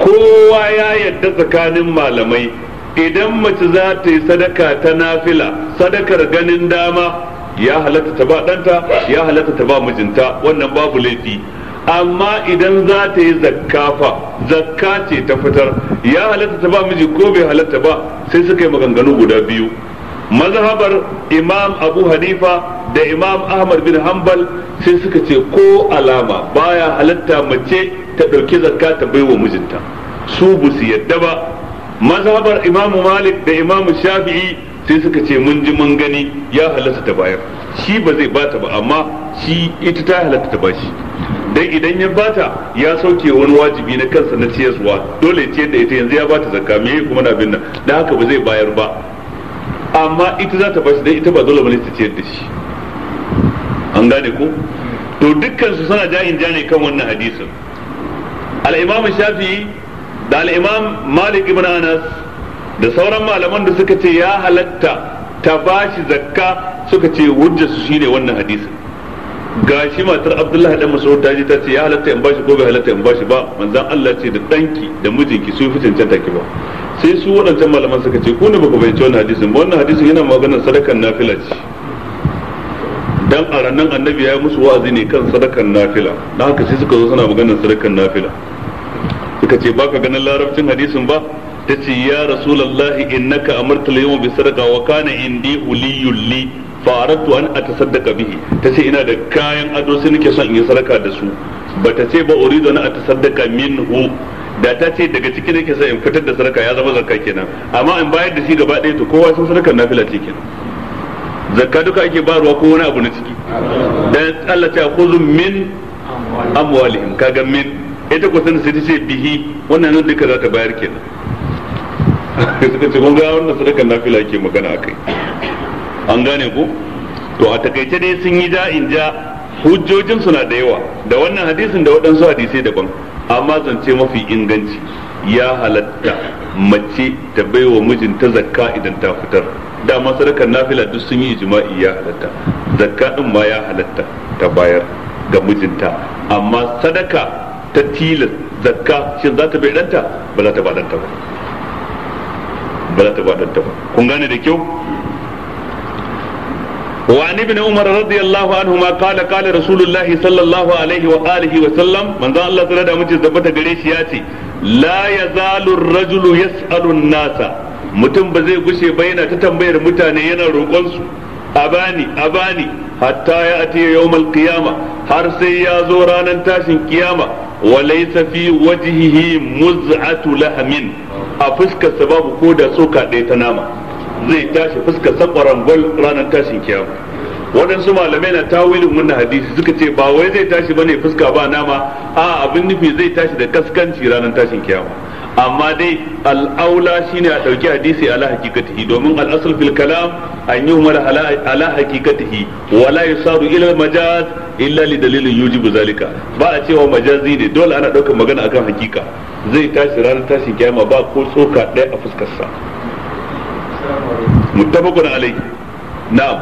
kowa ya yadda tsakanin malamai idan mace za ta yi sadaka ta nafila sadakar ganin dama ya halatta ta ba ɗanta ya halatta ta ba mijinta wannan babu laifi amma idan za ta yi zakka fa zakka ce ta fitar ya halatta ta ba miji ko bai halatta ba sai suka yi maganganu guda biyu mazhabar imam abu hanifa da imam ahmad bin hanbal sai suka ce ko alama baya halatta mace ta ɗauki zakka ta bai wa mijinta su busu su yadda ba mazhabar imam malik da imam shafi'i sai suka ce mun ji mun gani ya halatta ta bayar shi ba zai bata ba amma shi ita ta halatta ta bashi dan idan ya bata ya sauke wani wajibi na kansa na ciyarwa dole ya ciyar da ita yanzu ya bata zakka me kuma na bin nan dan haka ba zai bayar ba amma ita za ta bashi dan ita ba dole bane ta ciyar da shi an gane ko to dukkan su suna jahin jani kan wannan hadisin al-imam shafi'i da al-imam malik ibn anas da sauran malaman da suka ce ya halatta ta bashi zakka suka ce wujja su shine wannan hadisi gashi matar Abdullahi dan masu ta ji ta ce ya halatta in bashi ko bai halatta in bashi ba manzan Allah ce da danki da mijinki su fi cancanta ki ba sai su waɗancan malaman suka ce ku ne baka bayyana wannan hadisin ba wannan hadisin yana maganar sadakan nafila ce dan a ranar annabi ya yi musu wa'azi ne kan sadakan nafila Na haka sai suka zo suna maganar sadakan nafila suka ce ba ka ganin larabcin hadisin ba ta ce ya rasulallahi innaka amarta yawma bi sadaqa wa kana indi uliyul li fa aradtu an atasaddaqa bihi tace ina da kayan ado sai nake son in yi sadaka da su ta ce ba uridu an atasaddaqa minhu da ta ce daga ciki nake son in fitar da sadaka ya zama zakka kenan amma in bayar da shi gaba ɗaya to kowa sun sadakar nafila ce kenan zakka duka ake bayarwa ko wani abu na ciki dan Allah ta khuzu min amwalihim kaga min ita ko sai ta ce bihi wannan ne duka za ta bayar kenan suka ce kun ga wannan dukkan nafila ke magana a kai. an gane ku to a takaice dai sun yi in ja hujjojin suna da yawa da wannan hadisin da waɗansu hadisai daban amma zance mafi inganci ya halatta mace ta baiwa mijinta zakka idan ta fitar masu sadakar nafila duk sun yi jima'i ya halatta zakka din ma ya halatta ta bayar ga mijinta amma sadaka ta tilas zakka shin za ta bai ɗanta ba za ta ba ɗanta ba ba za ta ba ba kun gane da kyau وعن ابن عمر رضي الله عنهما قال قال رسول الله صلى الله عليه وآله وسلم من ذا الله تعالى دامن جزبت قريش ياتي لا يزال الرجل يسأل الناس mutum ba zai gushe ba yana ta tambayar mutane yana roƙonsu a bani a bani hatta ya ati qiyama har sai ya zo ranar tashin kiyama wa laysa fi muz'atu lahamin a fuskarsa babu ko da tsoka ɗaya ta nama zai tashi fuskar sakwaran gol ranar tashin kiyama waɗansu malamai na tawilin wannan hadisi suka ce ba wai zai tashi bane fuska ba nama a abin nufi zai tashi da kaskanci ranar tashin kiyama amma dai al'aula shine a ɗauki hadisi ala hakikatihi domin al'asul fil kalam an yi umar ala hakikatihi wala yusaru ila majaz illa li dalilin yuji zalika ba a cewa majazi ne dole ana ɗaukar magana akan hakika zai tashi ranar tashin kiyama ba ko tsoka ɗaya a fuskarsa muttafaqun alai na'am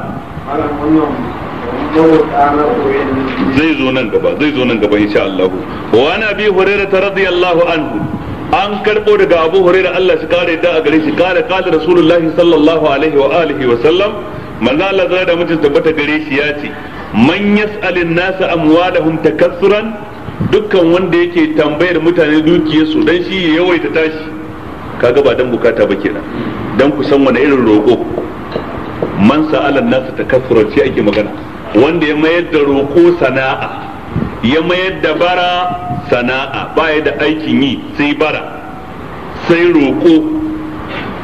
zai zo nan gaba zai zo nan gaba insha Allah wa ana bi hurairah radiyallahu anhu an karbo daga Abu da Allah shi kare da a gare shi kare kare Rasulullahi sallallahu alaihi wa alihi wa sallam manzo Allah zai da mutum tabbata gare shi ya ce man yas'alin nasa amwalahum takassuran dukkan wanda yake tambayar mutane dukiyarsu dan shi ya yawaita tashi kaga ba dan bukata ba kenan dan ku san wani irin roƙo man sa'alan nasa takassuran shi ake magana wanda ya mayar da roƙo sana'a ya mayar da bara sana'a baya da aikin yi sai bara sai roƙo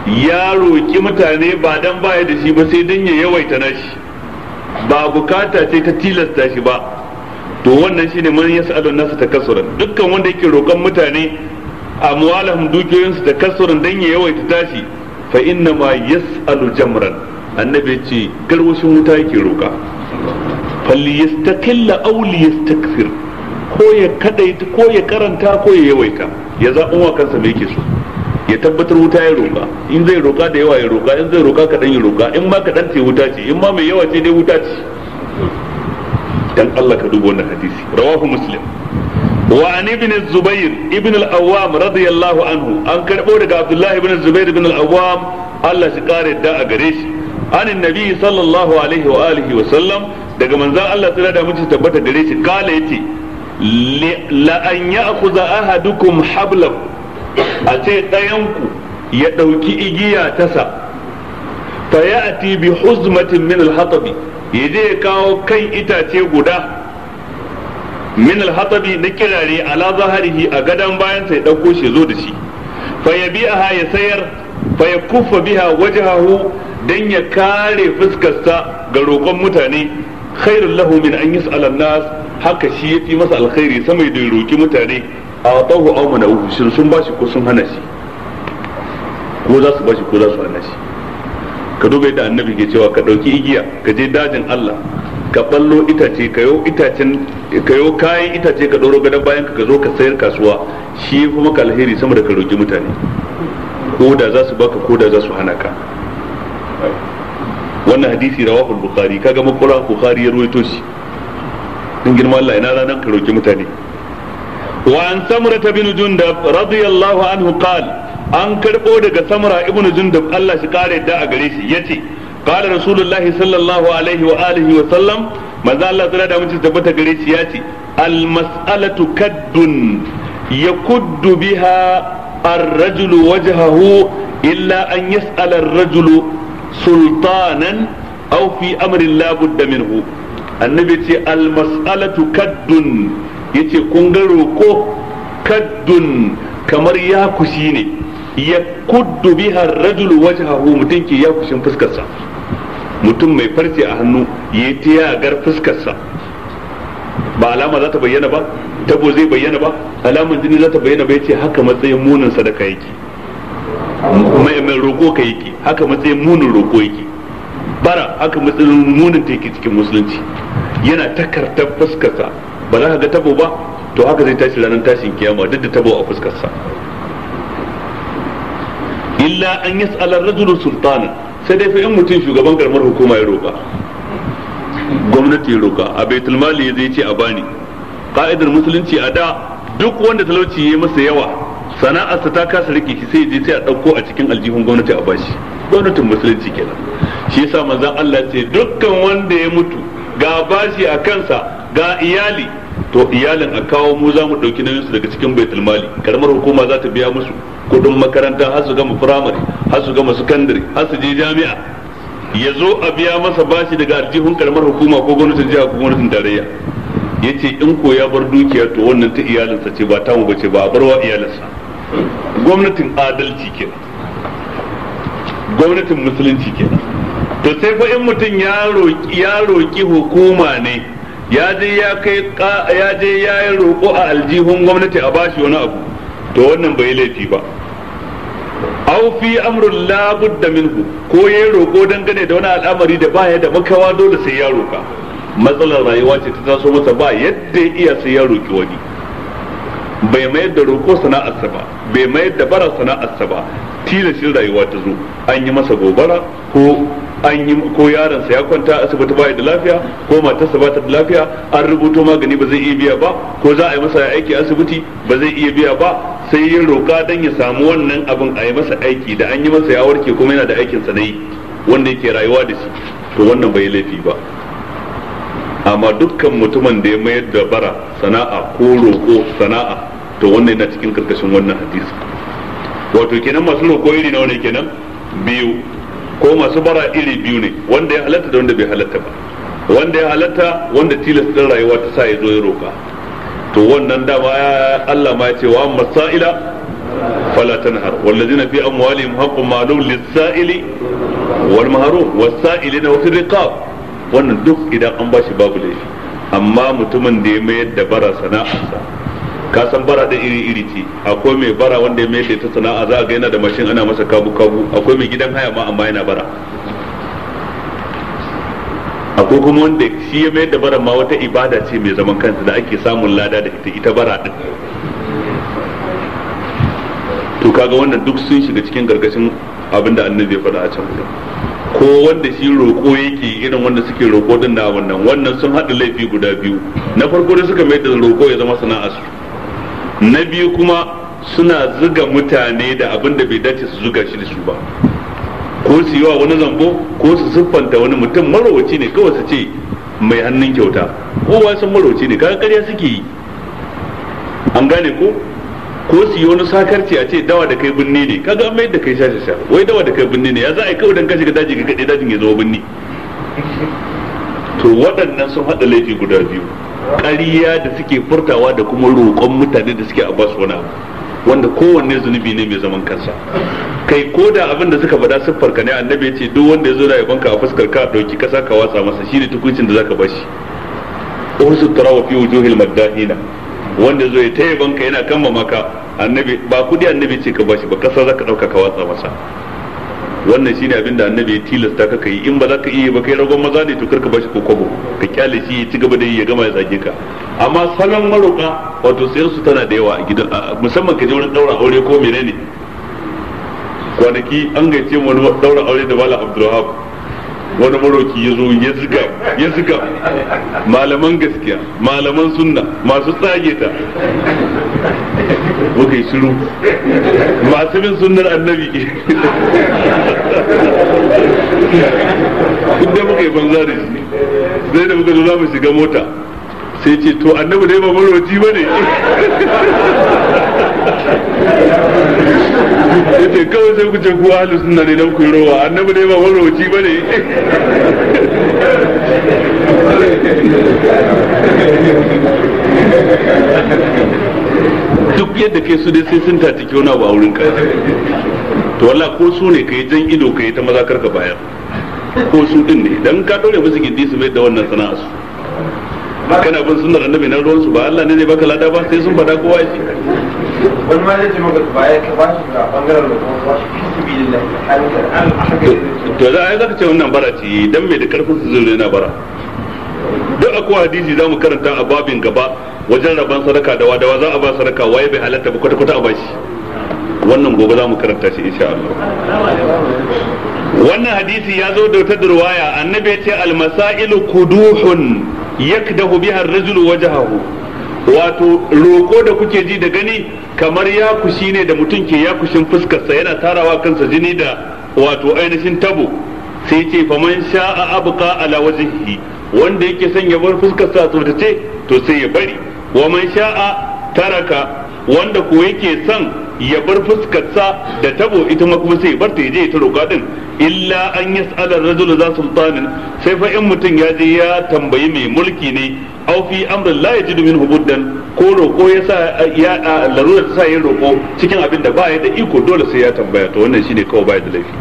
ya roƙi mutane ba dan baya da shi ba sai dan ya yawaita nashi ba bukata ce ta tilasta shi ba to wannan shine man yas'alu nasu kasuran dukkan wanda yake roƙon mutane a muwalahun dukiyoyinsu kasuran dan ya yawaita tashi fa inna ma yas'alu jamran annabi ce garwashin wuta yake roƙa falyastakilla aw liyastakthir ko ya kadaita ko ya karanta ko ya yawaita ya zaɓi wa kansa me yake so ya tabbatar wuta ya roƙa in zai roƙa da yawa ya roƙa in zai roƙa kaɗan ya roƙa in ma kaɗan ce wuta ce in ma mai yawa ce dai wuta ce dan Allah ka duba wannan hadisi rawahu muslim wa an ibn zubair ibn al-awwam radiyallahu anhu an karbo daga abdullah ibn zubair ibn al-awwam Allah shi kare da a gare shi an annabi sallallahu alaihi wa alihi wa sallam daga manzon Allah sai da mutum tabbata gare shi kala yace la an ya'khudha ahadukum hablam a ce ɗayan ku ya ɗauki igiya tasa fa ya'ti bi huzmatin min al hatab yaje ya kawo kan itace guda min al hatab na kirare ala zaharihi a gadan bayan sai dauko shi zo da shi fa yabi'aha ya sayar fa yakuffa biha wajhahu dan ya kare fuskarsa ga roƙon mutane khairul lahu min an yas'ala nas haka shi yafi masa alkhairi sama da roki mutane a tahu aw mana'u shin sun bashi ko sun hana shi ko za su bashi ko za su hana shi ka duba yadda annabi ke cewa ka dauki igiya ka je dajin Allah ka ballo itace ka yo itacen ka yo kayan itace ka doro gadon bayan ka zo ka sayar kasuwa shi yafi maka alheri sama da ka roki mutane ko da za su baka ko da za su hana ka wannan hadisi rawahu bukhari kaga makura bukhari ya ruwaito shi din girma Allah ina ranan ka roki mutane wa an ta bin jundab radiyallahu anhu qala an karbo daga samra ibn jundub Allah shi kare da a gare shi yace qala rasulullah sallallahu alaihi wa alihi wa sallam manzo Allah tsara da mun tabbata gare shi yace al mas'alatu kaddun yakuddu biha ar-rajulu wajhahu illa an yas'ala ar-rajulu sultanan aw fi amrin la budda minhu annabi ce al mas'alatu kaddun yace kun ga roko kaddun kamar ya kushi ne ya kuddu biha rajul wajhahu mutum ke ya kushin fuskarsa mutum mai farce a hannu ya ta yagar fuskarsa ba alama za ta bayyana ba tabo zai bayyana ba alaman jini za ta bayyana ba yace haka matsayin munin sadaka yake mai mai roƙo ka yake haka matsayin munin roƙo yake bara haka matsayin munin ta yake cikin musulunci yana takarta fuskarsa ba za ka ga tabo ba to haka zai tashi ranar tashin kiyama duk da tabo a fuskarsa illa an yi tsalar rajulu sultana sai dai fa in mutum shugaban garmar hukuma ya roƙa gwamnati ya roƙa a baitul mali zai ce a bani ka'idar musulunci a da duk wanda talauci ya yi masa yawa sana'arsa ta kasa rike shi sai je sai a ɗauko a cikin aljihun gwamnati a bashi gwamnatin musulunci kenan shi yasa manzon Allah ce dukkan wanda ya mutu ga bashi a kansa ga iyali to iyalin a kawo mu za mu ɗauki nauyin su daga cikin baitul mali karamar hukuma za ta biya musu kuɗin makaranta har su gama firamare har su gama sakandare har su je jami'a ya zo a biya masa bashi daga aljihun karamar hukuma ko gwamnatin jiha ko gwamnatin tarayya yace in ko ya bar dukiya to wannan ta iyalinsa ce ba tamu bace ba a barwa iyalinsa gwamnatin adalci ke gwamnatin musulunci ke to sai fa in mutum ya roƙi hukuma ne ya je ya kai ya je ya yi roƙo a aljihun gwamnati a bashi wani abu to wannan bai laifi ba Aufi fi amrun la budda minhu ko yayi roƙo dangane da wani al'amari da baya da makawa dole sai ya roƙa matsalar rayuwa ce ta taso masa ba yadda ya iya sai ya roƙi wani bai mayar da roƙo sana'arsa ba bai mayar da bara sana'arsa ba shi rayuwa ta zo an yi masa gobara ko an yi ko sa ya kwanta asibiti ba da lafiya ko matarsa ba ta da lafiya an rubuto magani ba zai iya biya ba ko za a yi masa aiki asibiti ba zai iya biya ba sai yin roƙa dan ya samu wannan abin a yi masa aiki da an yi masa ya warke kuma yana da aikin sa na yi wanda yake rayuwa da shi to wannan bai laifi ba amma dukkan mutumin da ya mayar da bara sana'a ko roƙo sana'a to wannan yana cikin karkashin wannan hadisi wato kenan masu roƙo iri na wani kenan biyu ko masu bara iri biyu ne wanda ya halatta da wanda bai halatta ba wanda ya halatta wanda tilasta din rayuwa ta sa ya zo ya roƙa to wannan dama ya Allah ma ya ce wa masaila. sa'ila fala tanhar wallazina fi amwalihim haqqun ma'lum lis-sa'ili wal mahrum was-sa'ilina wa fi riqab wannan duk idan an bashi babu laifi amma mutumin da ya mayar da bara sana'arsa ka san bara da iri iri ce akwai mai bara wanda ya mayar da ita sana'a za a ga yana da mashin ana masa kabu kabu akwai mai gidan haya ma amma yana bara akwai kuma wanda shi ya mayar da bara ma wata ibada ce mai zaman kanta da ake samun lada da ita ita bara din to kaga wannan duk sun shiga cikin gargashin abinda annabi ya faɗa a can gudu ko wanda shi roƙo yake irin wanda suke roƙo din na wannan wannan sun haɗa laifi guda biyu na farko da suka mai da roƙo ya zama sana'a su na biyu kuma suna zuga mutane da abin da bai dace su zuga shi da su ba ko su yi wa wani zambo ko su siffanta wani mutum marowaci ne kawai su ce mai hannun kyauta kowa san marowaci ne kaga ƙarya suke yi an gane ko ko su yi wani sakarci a ce dawa da kai binni ne kaga an mayar da kai shashi sha wai dawa da kai binni ne ya za a yi kawai don ka ga daji ka kaɗe dajin ya zama binni to waɗannan sun haɗa laifi guda biyu ƙariya da suke furtawa da kuma roƙon mutane da suke a basu wani wanda kowanne zunubi ne mai zaman kansa kai ko da abin da suka faɗa siffar ka ne annabi ya ce duk wanda ya zo da yabanka a fuskar ka ɗauki kasa ka watsa masa shine tukuncin da zaka bashi ursu tarawa fi wujuhil maddahina wanda zo ya taya banka yana kamba maka annabi ba kudi annabi ce ka bashi ba kasa zaka dauka ka watsa masa wannan shine abin da annabi ya tilasta ka kai in ba za ka iya ba kai ragon maza ne to kar ka bashi ko kwabo ka kyale shi ya ci gaba da ya gama ya zage ka amma salon maroka wato sayan su tana da yawa a gidan musamman ka je wurin daura aure ko menene kwanaki an gaice mu wani daura aure da malam abdulwahab wani maroki ya zo ya zuga ya malaman gaskiya malaman sunna masu tsage ta muka yi shiru masu bin sunnar annabi inda muka yi banza da shi zai da muka zama mu shiga mota sai ce to annabi dai ba maroci ba ne yace kawai sai ku ce ku ahli sunna ne dan ku rowa annabi ne ba marowaci bane duk yadda kai su dai sai sun tatike wani ba wurin ka to walla ko su ne kai jan ido kai ta maza karka bayar ko su din ne dan ka dore musu gindi su mai da wannan sana'a su kana bin sunnar annabi na ruwan su ba Allah ne zai baka lada ba sai sun fada kowa shi wani ma zai ce maka ba ya ka bashi ga bangaren da kuma bashi fi su bi lillahi halin an to za a yi zaka ce wannan bara ce dan me da karfin su zai yana bara duk akwai hadisi za mu karanta a babin gaba wajen rabon sadaka da wadawa za a ba sadaka waye bai halatta ba kwata-kwata a bashi wannan gobe za mu karanta shi insha Allah wannan hadisi ya zo da wata durwaya annabi ya ce al-masailu kuduhun yakdahu biha ar-rajulu wajhahu wato roko da kuke ji da gani kamar ya kushi ne da mutum ke ya kushin fuskarsa yana tarawa kansa jini da wato ainihin tabo sai ce faman sha'a abqa ala wajhihi wanda yake son ya bar fuskarsa tsotace to sai ya bari wa man sha'a taraka wanda ko yake son ya bar fuskarsa da tabo ita ma kuma sai ya bar ta je ta roka din illa an yas'ala ar-rajulu za sultanin sai fa in mutum ya je ya tambayi mai mulki ne aw fi amrin la yajidu minhu buddan ko roko ya sa ya larura ta sa yin roko cikin abin da ba ya da iko dole sai ya tambaya to wannan shine kawai ba da laifi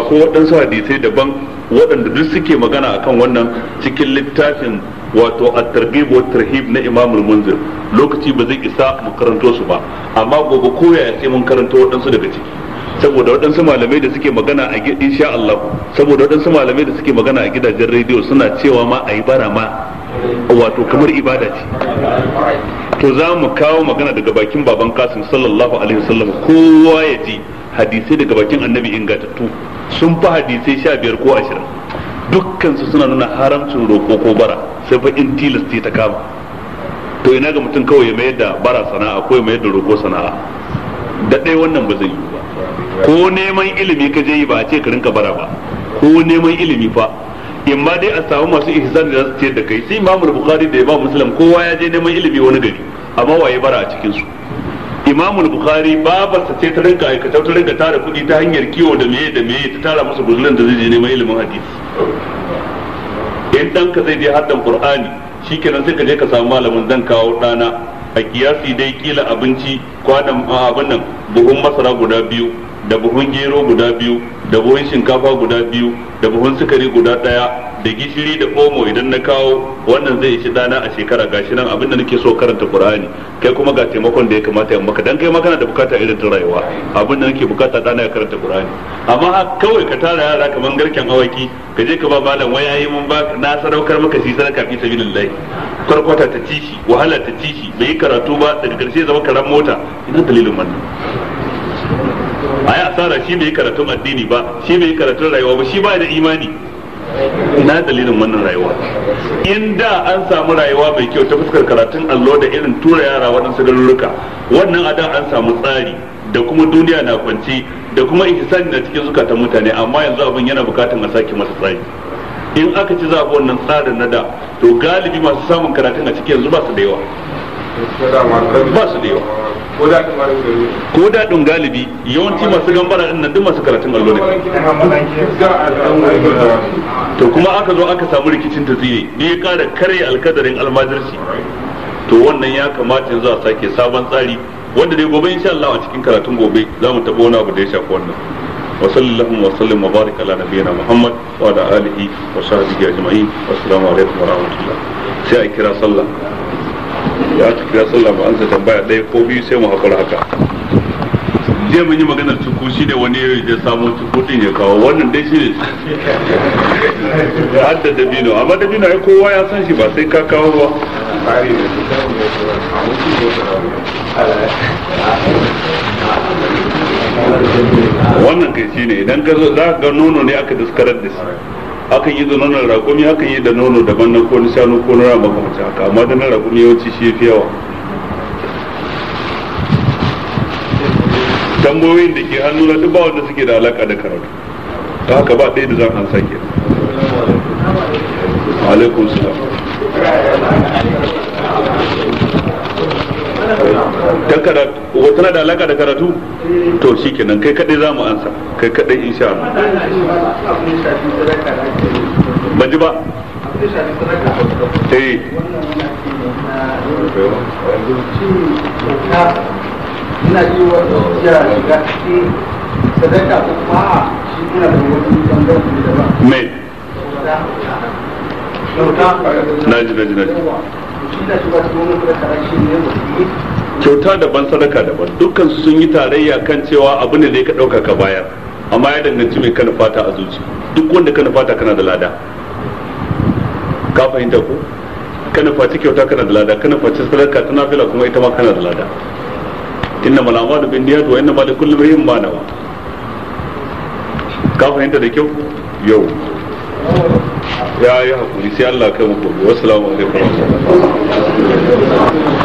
akwai waɗansu hadisai daban waɗanda duk suke magana akan wannan cikin littafin wato a targhib wa tarhib na Imam munzir lokaci ba zai isa mu karanto su ba amma gobe ko koya sai mun karanto waɗansu daga ciki saboda waɗansu malamai da suke magana a insha Allah saboda waɗansu malamai da suke magana a gidajen rediyo suna cewa ma a yi bara ma wato kamar ibada ce to za mu kawo magana daga bakin baban kasim sallallahu alaihi wasallam kowa ya ji hadisai daga bakin annabi ingantattu sun fi hadisai sha biyar ko ashirin dukkansu suna nuna haramcin roƙo ko bara sai fa in ta kama to ina ga mutum kawai ya mayar da bara sana'a ko ya mayar da roƙo sana'a da ɗaya wannan ba zai yi ba ko neman ilimi ka je yi ba a ce ka rinka bara ba ko neman ilimi fa in ma dai a samu masu ihsan da za su ce da kai sai imamul bukhari da imam muslim kowa ya je neman ilimi wani gari amma waye bara a cikin su imamul bukhari sa ce ta rinka aikata ta rinka tara kuɗi ta hanyar kiwo da meye da meye ta tara musu guzulin da zai je neman ilimin hadisi in ka zai je haddan qur'ani shikenan sai ka je ka samu malamin zan kawo ɗana a kiyasi dai kila abinci kwadan abin nan buhun masara guda biyu da buhun gero guda biyu da buhun shinkafa guda biyu da buhun sukari guda daya da gishiri da omo idan na kawo wannan zai ishi dana a shekara gashi nan abin da nake so karanta qur'ani kai kuma ga taimakon da ya kamata ya maka dan kai ma kana da bukata irin ta rayuwa abin da nake bukata dana ya karanta qur'ani amma kawai ka tara yara kaman garken awaki ka je ka ba malam wai yayi mun ba na sadaukar maka shi sadaka fi sabilillah kwarkwata ta ci shi wahala ta ci shi bai karatu ba daga karshe zama karan mota ina dalilin wannan ai asara shi bai karatun addini ba shi bai karatun rayuwa ba shi ba da imani na dalilin wannan rayuwa in da an samu rayuwa mai kyau ta fuskar karatun allo da irin tura yara waɗansu garuruka wannan da an samu tsari da kuma duniya na kwanci da kuma ihsani na cikin zukatan mutane amma yanzu abin yana bukatan a sake masa tsari in aka ci zaɓi wannan tsarin na da to galibi masu samun karatun a cikin yanzu ba su da yawa ko da dun galibi yawanci masu gambara din nan duk masu karatun allo ne to kuma aka zo aka samu rikicin tasiri ne ya kara karya alkadarin almajirci to wannan ya kamata yanzu a sake sabon tsari wanda dai gobe insha Allah a cikin karatun gobe za mu taɓa wani abu da ya shafi wannan wa sallallahu wa sallam wa baraka ala nabiyyina muhammad wa ala alihi wa sahbihi ajma'in assalamu alaikum wa rahmatullah sai a kira sallah ya ci kira tsalla ba an sa tambaya ɗaya ko biyu sai mu haƙura haka je mun yi maganar cuku shi ne wani ya samun cuku ɗin ya kawo wannan dai shi ne har da dabino amma dabino ai kowa ya san shi ba sai ka kawo ba wannan kai shi ne idan ka zo za ka ga nono ne aka daskarar da shi hakan yi da nonon rakumi hakan yi da nono daban na ko na shanu ko na rama haka amma da na rakumi yawanci shi fi yawa tambayoyin da ke hannu na duk ba wanda suke da alaka da karatu ta haka ba ɗaya da zan an sake alaikum salam ta karatu wata na da alaka da karatu to shi kenan kai kadai za mu ansa kai kadai insha Allah ban ji ba eh ina ji wa ya shiga cikin sadaka ko shi da wani da ba me kyauta daban sadaka daban dukkan su sun yi tarayya kan cewa abu ne da ka ɗauka ka bayar amma ya danganci mai kana fata a zuci duk wanda kana fata kana da lada ka fahimta ko kana faci kyauta kana da lada kana faci sadaka tana fila kuma ita ma kana da lada inna mal amalu bin niyyati wa inna mal kullu bihim ma nawa ka fahimta da kyau yau ya ya hakuri sai Allah kai mu gobe assalamu alaikum